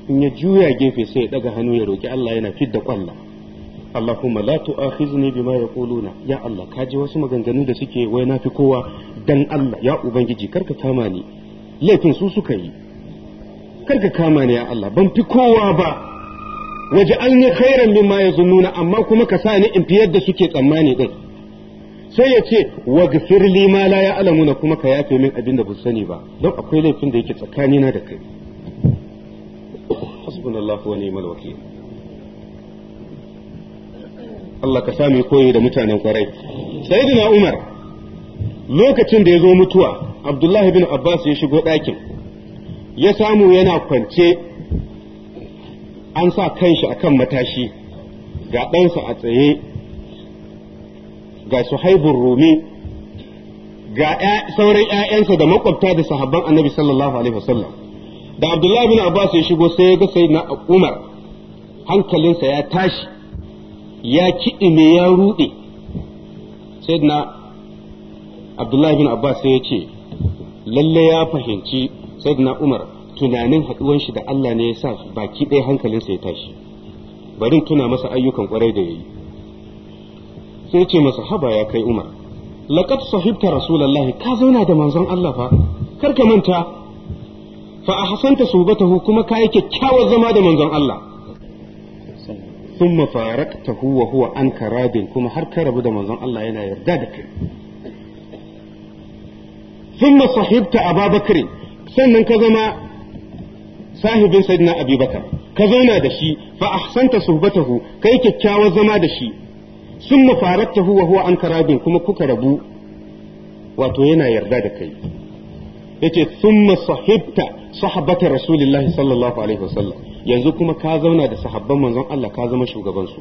in ya juya gefe sai ya daga hannu ya roki Allah yana fidda kwalla Allahumma la tu'akhizni bima yaquluna ya Allah kaji wasu maganganu da suke wai na fi kowa dan Allah ya ubangiji karka kama ni laifin su suka yi kar ka kama ni ya Allah ban fi kowa ba waje an yi khairan ma ya zununa amma kuma ka sa ni in fi yadda suke tsammani din sai ya ce wa gafirli ma la ya alamuna kuma ka yafe min abin da ban sani ba don akwai laifin da yake tsakanina da kai hasbunallahu wa ni'mal wakil Allah ka sami koyi da mutanen kwarai sayyidina Umar lokacin da ya zo mutuwa Abdullahi bin Abbas ya shigo ɗakin ya samu yana kwance an sa kanshi akan matashi ga ɗansa a tsaye ga suhaibun rumi ga sauran ‘ya'yansa da makwabta da sahabban annabi sallallahu alaihi wasallam da abdullahi bin abbas ya shigo sai ya ga sai na umar hankalinsa ya tashi ya kiɗime ya ruɗe sai na abdullahi bin abbas sai ya ce lalle ya fahimci sayyidina umar tunanin haɗuwan shi da Allah ne ya sa baki ɗaya hankalinsa ya tashi barin tuna masa ayyukan kwarai da yayi sai ce masa haba ya kai umar laqad sahibta rasulullahi ka zauna da manzon Allah fa kar ka manta fa ahsanta subatahu kuma ka yi kyakkyawar zama da manzon Allah ثم فارقته وهو أنك راد كما هركر بدا منظم الله ينا يردادك ثم صحبت أبا بكر sannan ka zama sahibin sayyidina abubakar ka zauna da shi fa ahsanta suhbatahu kai kyakkyawar zama da shi sun mafaratahu wa huwa an karabin kuma kuka rabu wato yana yarda da kai yace summa sahibta sahabbatar rasulillahi sallallahu alaihi wasallam yanzu kuma ka zauna da sahabban manzon Allah ka zama shugaban su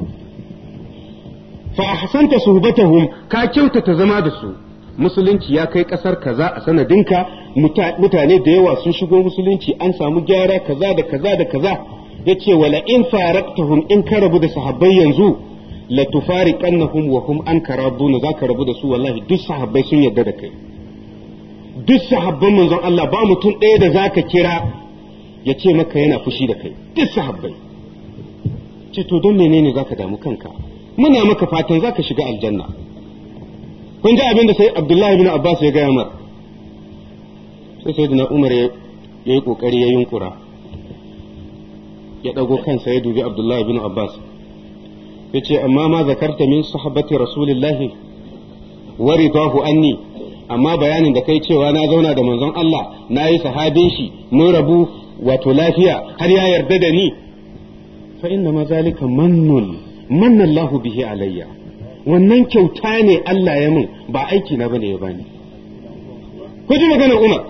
fa ahsanta suhbatahum ka kyautata zama da su musulunci ya kai kasar kaza a sanadinka mutane da yawa sun shigo musulunci an samu gyara kaza da kaza da kaza yace wala in faraktahum in ka rabu da sahabbai yanzu la tufariqannahum wa hum an za ka rabu da su wallahi duk sahabbai sun yarda da kai duk sahabban manzon Allah ba mutum ɗaya da zaka kira ya ce maka yana fushi da kai duk sahabbai ce to don menene zaka damu kanka muna maka fatan zaka shiga aljanna kun ji abin da sai abdullahi bin abbas ya gaya ma sai sai umar ya yi kokari ya yunkura ya dago kansa ya dubi abdullahi bin abbas ya ce amma ma zakarta min sahabati rasulillahi wari ridahu anni amma bayanin da kai cewa na zauna da manzon Allah na yi sahabin shi mun rabu wato lafiya har ya yarda da ni fa inna ma zalika mannun manna Allahu bihi alayya wannan kyauta ne Allah ya mun ba aiki na bane ya bani ku ji maganar Umar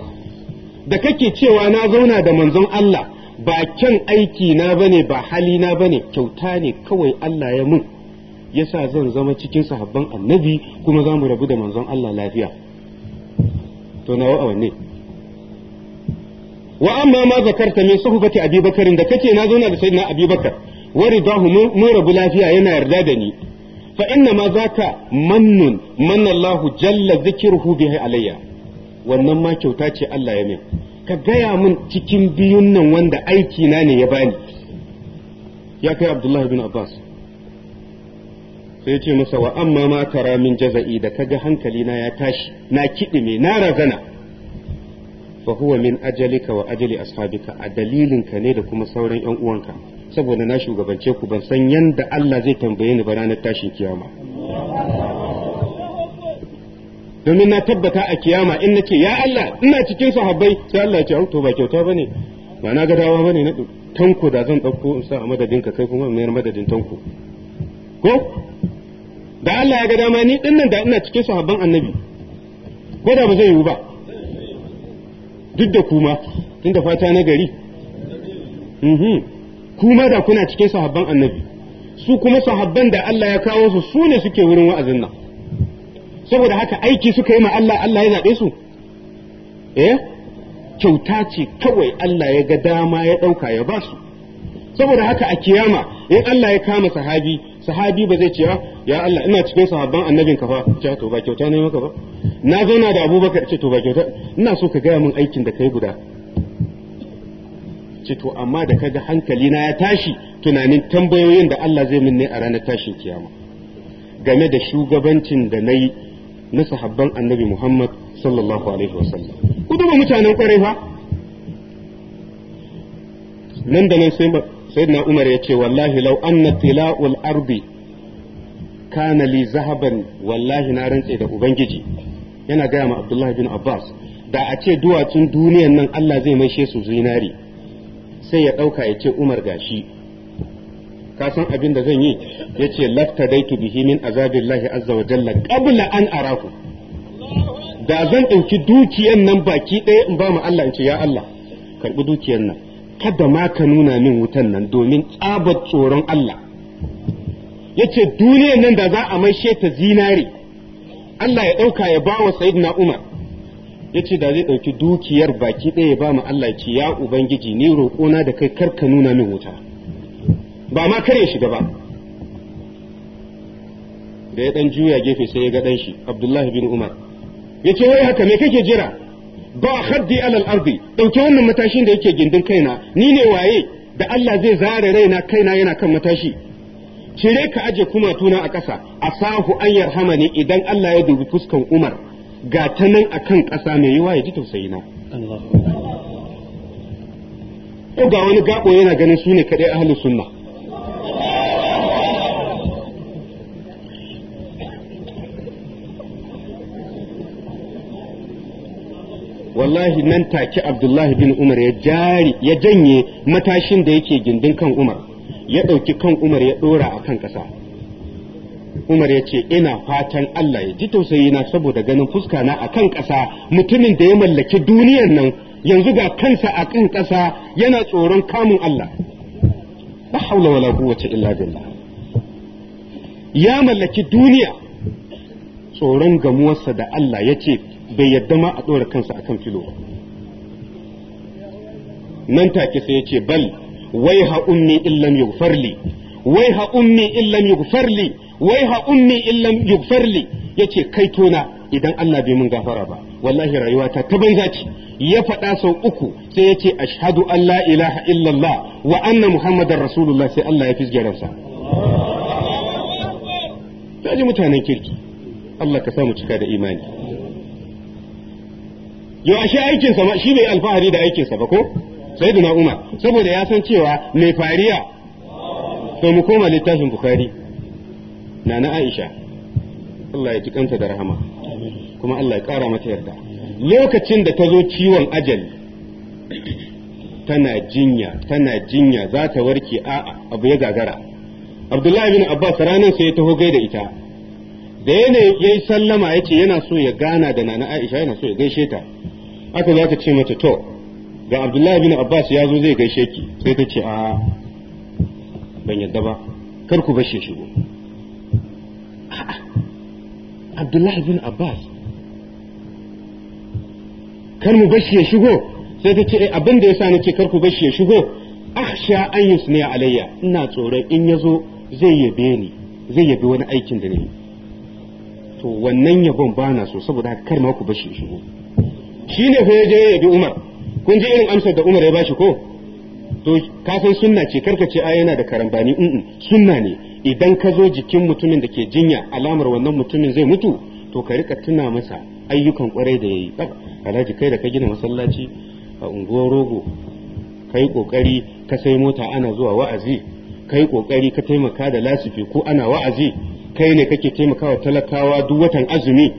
da kake cewa na zauna da manzon Allah ba kyan aiki na bane ba hali na bane kyauta ne kawai Allah ya mun yasa zan zama cikin sahabban annabi kuma za mu rabu da manzon Allah lafiya to na a wanne wa amma ma zakarta min suhbati abubakar da kace na zauna da sayyidina abubakar wa ridahu mu rabu lafiya yana yarda da ni fa inna ma zaka mannun manna Allah jalla zikruhu bihi alayya wannan ma kyauta ce Allah ya min ka gaya min cikin biyun nan wanda aiki na ne ya bani ya kai Abdullahi bin Abbas sai ce masa wa amma ma tara min jaza'i da kaga hankali na ya tashi na kiɗi mai na razana fa huwa min ajalika wa ajali ashabika a dalilinka ne da kuma sauran yan uwanka saboda na shugabance ku ban san yanda Allah zai tambaye ni ba ranar tashin kiyama domin na tabbata a kiyama in nake ya Allah ina cikin sahabbai sai Allah ya ce to ba kyauta bane ba na ga dawa bane na tanko da zan dauko in sa a madadin ka kai kuma mayar madadin tanko ko da Allah ya ga dama ni nan da ina cikin sahabban annabi ko da ba zai yiwu ba duk da kuma tunda fata na gari -hmm. kuma da kuna cikin sahabban annabi su kuma sahabban da Allah ya kawo su su ne suke wurin wa'azin nan saboda haka aiki suka yi ma Allah Allah ya zaɓe su eh kyauta ce kawai Allah ya ga dama ya ɗauka ya ba su saboda haka a kiyama in Allah ya kama sahabi sahabi ba zai ce ah, ya Allah ina cikin sahabban annabin ka fa ce to ba kyauta ne maka ba na zo na da Abubakar ce to ba kyauta ina so ka gaya min aikin da kai guda ce to amma da kaga hankali na ya tashi tunanin tambayoyin da Allah zai min ne a ranar tashin kiyama game da shugabancin da na yi na sahabban annabi Muhammad sallallahu alaihi wasallam ku duba mutanen kwarai fa nan da nan sai sayyidina Umar ya ce wallahi law anna tila'ul ardi kana li zahaban wallahi na rantse da ubangiji yana gaya ma abdullah bin Abbas da a ce duwatsun duniyan nan Allah zai maishe su zinari sai ya ɗauka ya ce umar gashi ka san abin da zan yi ya ce tu bihi min azabillahi azza wa jalla qabla an arahu da zan ɗauki dukiyan nan baki ɗaya in ba mu Allah in ce ya Allah karɓi dukiyan nan kada ma ka nuna min wutan nan domin tsabar tsoron Allah Ya ce duniyar nan da za a maishe ta zinare Allah ya ɗauka ya ba wa na Umar Ya ce da zai ɗauki dukiyar baki ɗaya ba mu Allah ce ya ubangiji ni roƙona da kai kar ka nuna min wuta ba ma kare shiga ba da ya ɗan juya gefe sai ya ga ɗan shi Abdullahi bin Umar Ya ce wai haka me kake jira ba haddi alal ardi ɗauki wannan matashin da yake gindin kaina ni ne waye da Allah zai zare raina kaina yana kan matashi cire ka aje kuma tuna a ƙasa a asahu an yarhamani idan Allah ya dubi fuskan Umar ga ta nan a kan ƙasa mai yiwa ya ji tausayi na ko ga wani gaɓo yana ganin su ne kaɗai a halin sunna wallahi nan take abdullahi bin umar ya jari ya janye matashin da yake gindin kan umar ya ɗauki kan umar ya ɗora a kan ƙasa Umar ya ce ina fatan Allah ya ji tausayi na saboda ganin fuska na a kan ƙasa mutumin da ya mallaki duniyar nan yanzu ga kansa a kan ƙasa yana tsoron kamun Allah la haula wala quwwata illa billah ya mallaki duniya tsoron gamuwarsa da Allah ya ce bai yadda ma a ɗora kansa akan filo nan take sai ya ce bal wai ha ummi illam yughfar li wai ha ummi illam yughfar wai ha ummi illam yughfarli yace kai tona idan Allah bai mun gafara ba wallahi rayuwata ta banza ce ya faɗa sau uku sai yace ashhadu an la ilaha illallah wa anna muhammadar rasulullah sai Allah ya fisge ransa ji mutanen kirki Allah ka sa mu cika da imani yau ashe aikinsa ma shi bai alfahari da aikinsa ba ko sai na'uma saboda ya san cewa mai fariya to mu koma littafin bukari na na Aisha Allah ya kanta da rahama kuma Allah ya ƙara mata yarda lokacin da ta zo ciwon ajali tana jinya tana jinya za ta warke a abu ya gagara Abdullahi bin Abbas ranar sai ya taho gaida ita da yana ya yi sallama ya ce yana so ya gana da nana Aisha yana so ya gaishe ta aka za ta ce mata to ga Abdullahi bin Abbas ya zo zai gaishe ki sai ta ce a ban yadda ba kar ku bashe shigo abdullahi bin abbas kar mu bashi ya shigo sai ta ce eh, abin da yasa nake kar ku bashi ya shigo akhsha an yusni alayya ina tsoron in yazo zai yabe ni zai yabe wani aikin da nayi to wannan yabon ba na so saboda haka kar ma ku bashi ya shigo shine fa yaje ya yabi Umar kun ji irin amsar da Umar ya bashi ko to ka san sunna ce karka ce ai yana da karambani sunna ne idan ka zo jikin mutumin da ke jinya alamar wannan mutumin zai mutu to ka rika tuna masa ayyukan kwarai da yayi alhaji kai da ka gina masallaci a unguwar rogo kai kokari ka sai mota ana zuwa wa'azi kai kokari ka taimaka da lasifi ko ana wa'azi kai ne kake taimakawa talakawa duk watan azumi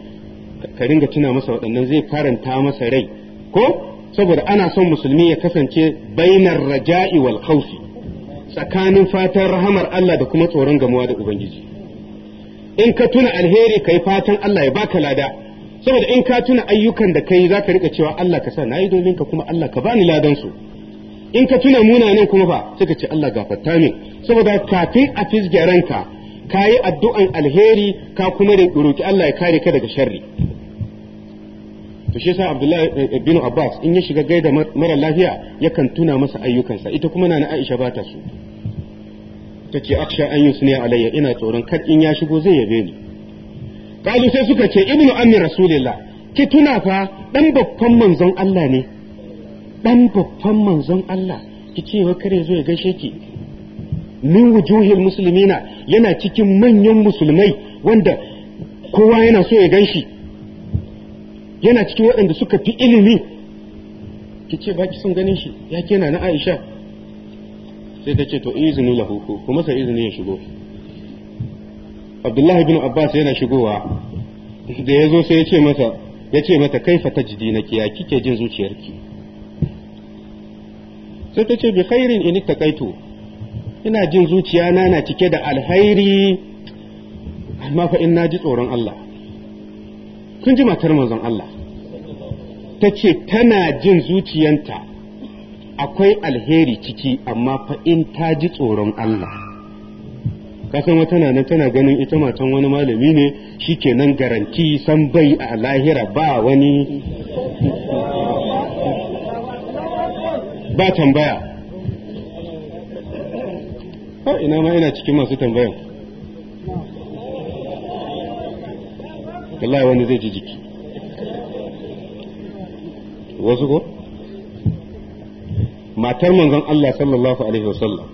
ka ringa tuna masa waɗannan zai faranta masa rai ko saboda ana son musulmi ya kasance bainar raja'i wal khawfi tsakanin fatan rahamar Allah da kuma tsoron gamuwa da Ubangiji. In ka tuna alheri kai fatan Allah ya baka lada, saboda in ka tuna ayyukan da kai za ka rika cewa Allah ka sa na yi domin ka kuma Allah ka bani ladan su. In ka tuna munanan kuma fa suka ce Allah gafarta min, saboda kafin a fisge ranka ka yi addu'an alheri ka kuma roki Allah ya kare ka daga sharri. to shi yasa Abdullahi eh, eh, bin Abbas in ya shiga gaida mara lafiya yakan tuna masa ayyukansa ita kuma na Aisha ba ta so tace aksha an yusni alayya ina tsoron kar in ya shigo zai yabe ni kalu sai suka ce ibnu ammi rasulillah ki tuna fa dan babban manzon Allah ne dan babban manzon Allah ki ce wa kare zo ya gaishe ki min wujuhil muslimina yana cikin manyan musulmai wanda kowa yana so ya ganshi yana cikin waɗanda suka fi ilimi ki ce baki sun ganin shi ya kena na Aisha sai ta ce to izini lahu kuma sai izini ya shigo Abdullahi bin Abbas yana shigowa da ya zo sai ya ce masa ya ce mata kaifa tajidi ya kike jin zuciyarki sai ta ce bi khairin in kaito. ina jin zuciya na na cike da alhairi amma fa na ji tsoron Allah kun ji matar manzon Allah ta ce tana jin zuciyanta akwai alheri ciki amma fa in ta ji tsoron Allah kasan wata nan tana ganin ita matan wani malami ne shi nan garanti san bai a lahira ba wani ba tambaya ina ma ina cikin masu tambayan wallahi wani zai ji jiki wasu ko matar manzon Allah sallallahu alaihi wasallam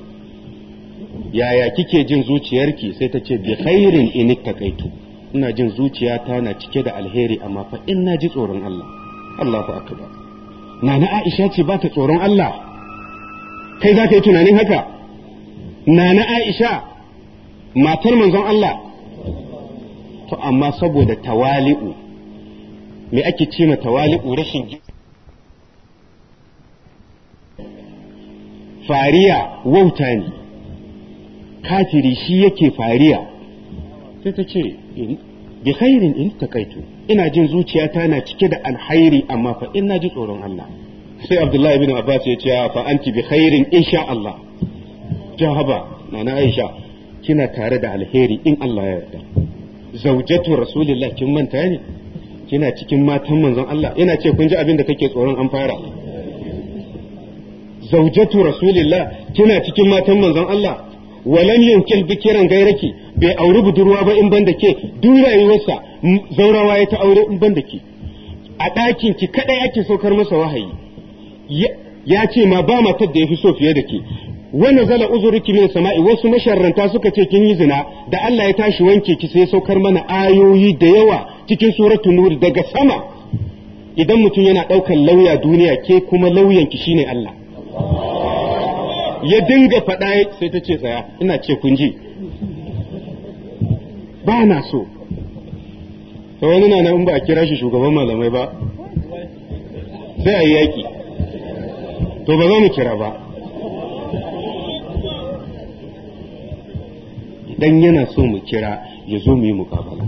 yaya kike jin zuciyarki sai ta ce bi khairin in takaitu ina jin zuciyata na cike da alheri amma fa in na ji tsoron Allah Allahu akbar nana Aisha ce ba ta tsoron Allah kai za ka yi tunanin haka nana Aisha matar manzon Allah amma saboda tawali'u me ake ce ma tawali'u rashin fariya wauta ne kafiri shi yake fariya sai ta ce bi khairin in takaitu ina jin zuciyata na cike da alhairi amma fa ina ji tsoron Allah sai Abdullahi ibn Abbas ya ce ah, fa anti bi khairin insha Allah jahaba na Aisha kina tare da alheri in Allah ya yarda zaujatu rasulillah kin manta ne kina cikin matan manzon Allah yana ce kun ji abin da kake tsoron an fara zaujatu rasulillah kina cikin matan manzon Allah walam yankil bikiran gairaki bai auri budurwa ba in banda ke duk zaurawa ya ta aure in banda ke a ɗakin ki kada yake saukar masa wahayi ya ce ma ba matar da ya fi so fiye da ke wa nazala uzuruki min sama'i wasu masharranta suka ce kin yi zina da Allah ya tashi wanke ki sai saukar mana ayoyi da yawa cikin suratu nur daga sama idan mutum yana ɗaukar lauya duniya ke kuma lauyan ki shine Allah ya dinga faɗa sai ta ce tsaya ina ce kun ji ba na so to wani na in ba a kira shi shugaban malamai ba sai a yi yaƙi to ba za mu kira ba dan yana so mu kira ya zo mu yi mukabala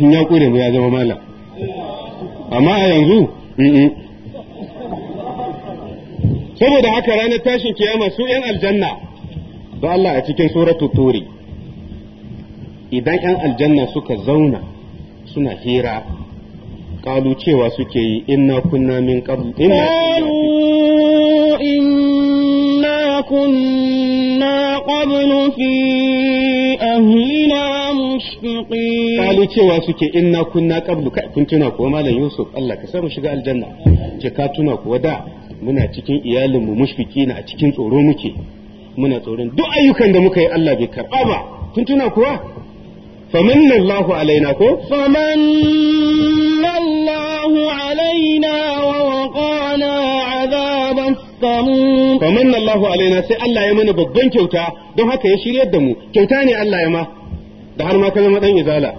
in ya kure mu ya zama mallam. amma a yanzu saboda haka ranar tashin kiyama su yan aljanna da Allah a cikin suratul turi idan yan aljanna suka zauna suna hira kalu cewa suke yi inna kunna min qabl inna
Kuna
قبل في أهلنا مشفقين قالوا cewa suke inna kunna qablu kai kun tuna kuwa malam Yusuf Allah ka samu shiga aljanna tuna kuwa da muna cikin iyalinmu mushfiki na a cikin tsoro muke muna tsoron duk ayyukan da muka yi Allah bai karɓa ba kun tuna kuwa famanna Allahu alaina ko
famanna Allahu alaina wa waqana
azaban تتقون فمن الله علينا سي الله babban kyauta don haka ya shiryar da mu kyauta ne Allah da har ma ka zama dan izala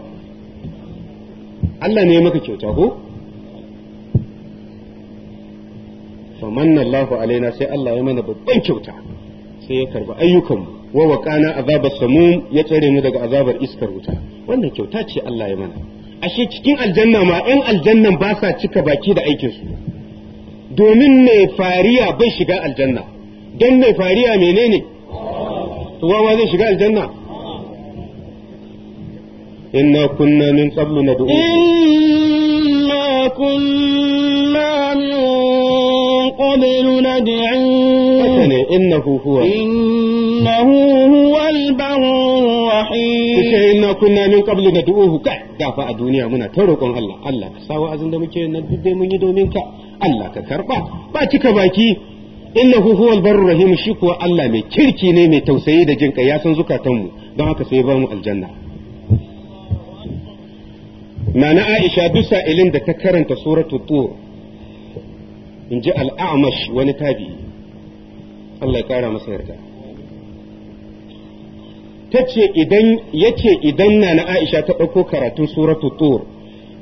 Allah ne ya maka kyauta ko faman Allah alaina sai Allah babban kyauta sai ya karba ayyukanmu wa waqana azabar samum ya tsare mu daga azabar iskar wuta wannan kyauta ce Allah ashe cikin aljanna ma 'yan aljanna ba sa cika baki da aikinsu domin mai fariya bai shiga aljanna don mai fariya menene wawa zai shiga aljanna inna kunna min qablu nad'u
inna kunna min qablu nad'u
innahu huwa
إنه هو البر
الرحيم كشي إنا كنا من قبل ندعوه كا دافع الدنيا منا تركون الله الله ساوى أزن دمكي ندد من يدو منك الله كتربا باتك باكي إنه هو البر الرحيم شكوى الله من كيركي نيمي توسيي دا جنك ياسن زكا تمو دعاك سيبام الجنة Nana Aisha duk sa'ilin da ta karanta suratul Tur in ji al'amash wani tabi Allah ya tace idan yace idan na na Aisha ta ɗauko karatun suratu tur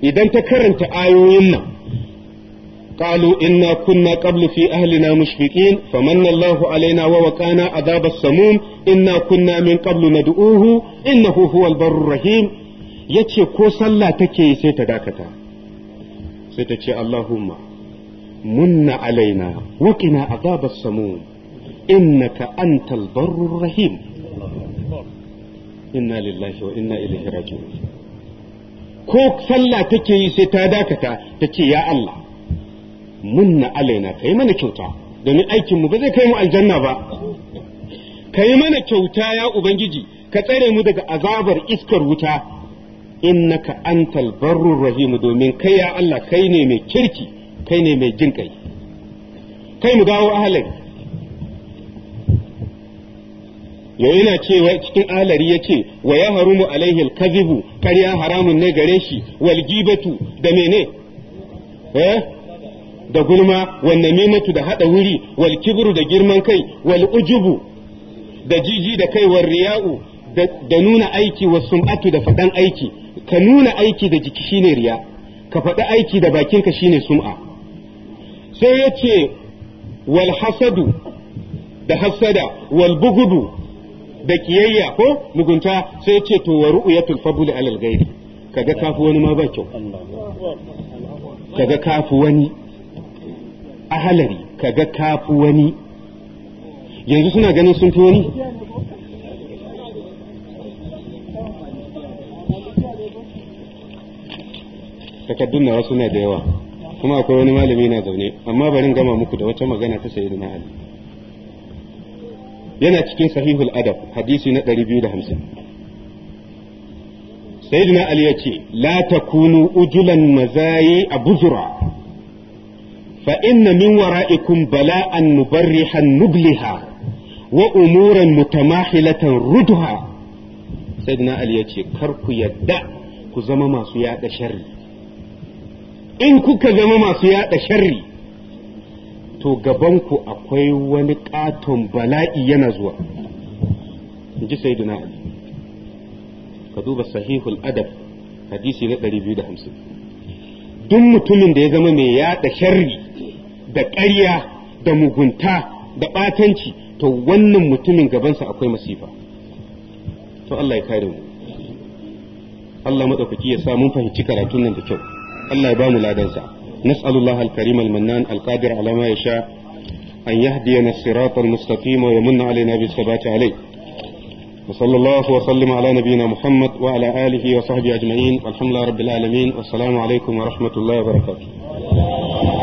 idan ta karanta ayoyin nan قالوا إنا كنا قبل في أهلنا مشفقين فمن الله علينا ووقانا عذاب السموم إنا كنا من قبل ندعوه إنه هو البر الرحيم yace ko sallah take sai ta dakata sai ta ce Allahumma munna alaina waqina azabas samum innaka antal rahim inna lillahi wa inna ilaihi raji'un ko sallah take yi sai ta dakata ta ce ya Allah munna alaina kai mana kyauta domin aikin mu ba zai kai mu aljanna ba kai mana kyauta ya ubangiji ka tsare mu daga azabar iskar wuta innaka antal barrur rahim domin kai ya Allah kai ne mai kirki kai ne mai jinkai kai mu dawo ahalari ya yana cewa cikin alari ya ce wa ya harumu alaihi alkazibu karya haramun ne gare shi wal gibatu da mene eh? da gulma wal namimatu da hada wuri wal kibru da girman kai wal ujubu da jiji da kai wal riya'u da nuna aiki wa sum'atu da fadan aiki ka nuna aiki da jiki shine riya ka faɗi aiki da bakinka shine sum'a sai yace ce wal hasadu da hasada wal bugudu da kiyayya ko mugunta sai ce to wa ru'yatul fadl alal ghairi kaga kafu wani ma ba kyau kaga kafu wani ahalari. kaga kafu wani yanzu suna ganin sun fi wani takaddun na wasu na da yawa kuma akwai wani malami na zaune amma barin gama muku da wata magana ta sayi na Ali yana cikin sahihul adab hadisi na 250 sayyidina ali yace la takunu ujulan mazayi abuzura fa inna min wara'ikum bala'an mubarrihan nubliha wa umuran mutamahilatan rudha sayyidina ali yace kar ku yadda ku zama masu yada sharri in kuka zama masu yada sharri to gabanku akwai wani ƙaton bala'i yana zuwa in ji sayyidina ali ka duba sahihul adab hadisi na 250 duk mutumin da ya zama mai yaɗa sharri da ƙarya da mugunta da ɓatanci to wannan mutumin gabansa akwai masifa to Allah ya kare mu Allah maɗaukaki ya sa mun fahimci karatun nan da kyau Allah ya ba mu ladansa نسأل الله الكريم المنان القادر على ما يشاء أن يهدينا الصراط المستقيم ويمن علينا بالثبات عليه وصلى الله وسلم على نبينا محمد وعلى آله وصحبه أجمعين والحمد لله رب العالمين والسلام عليكم ورحمة الله وبركاته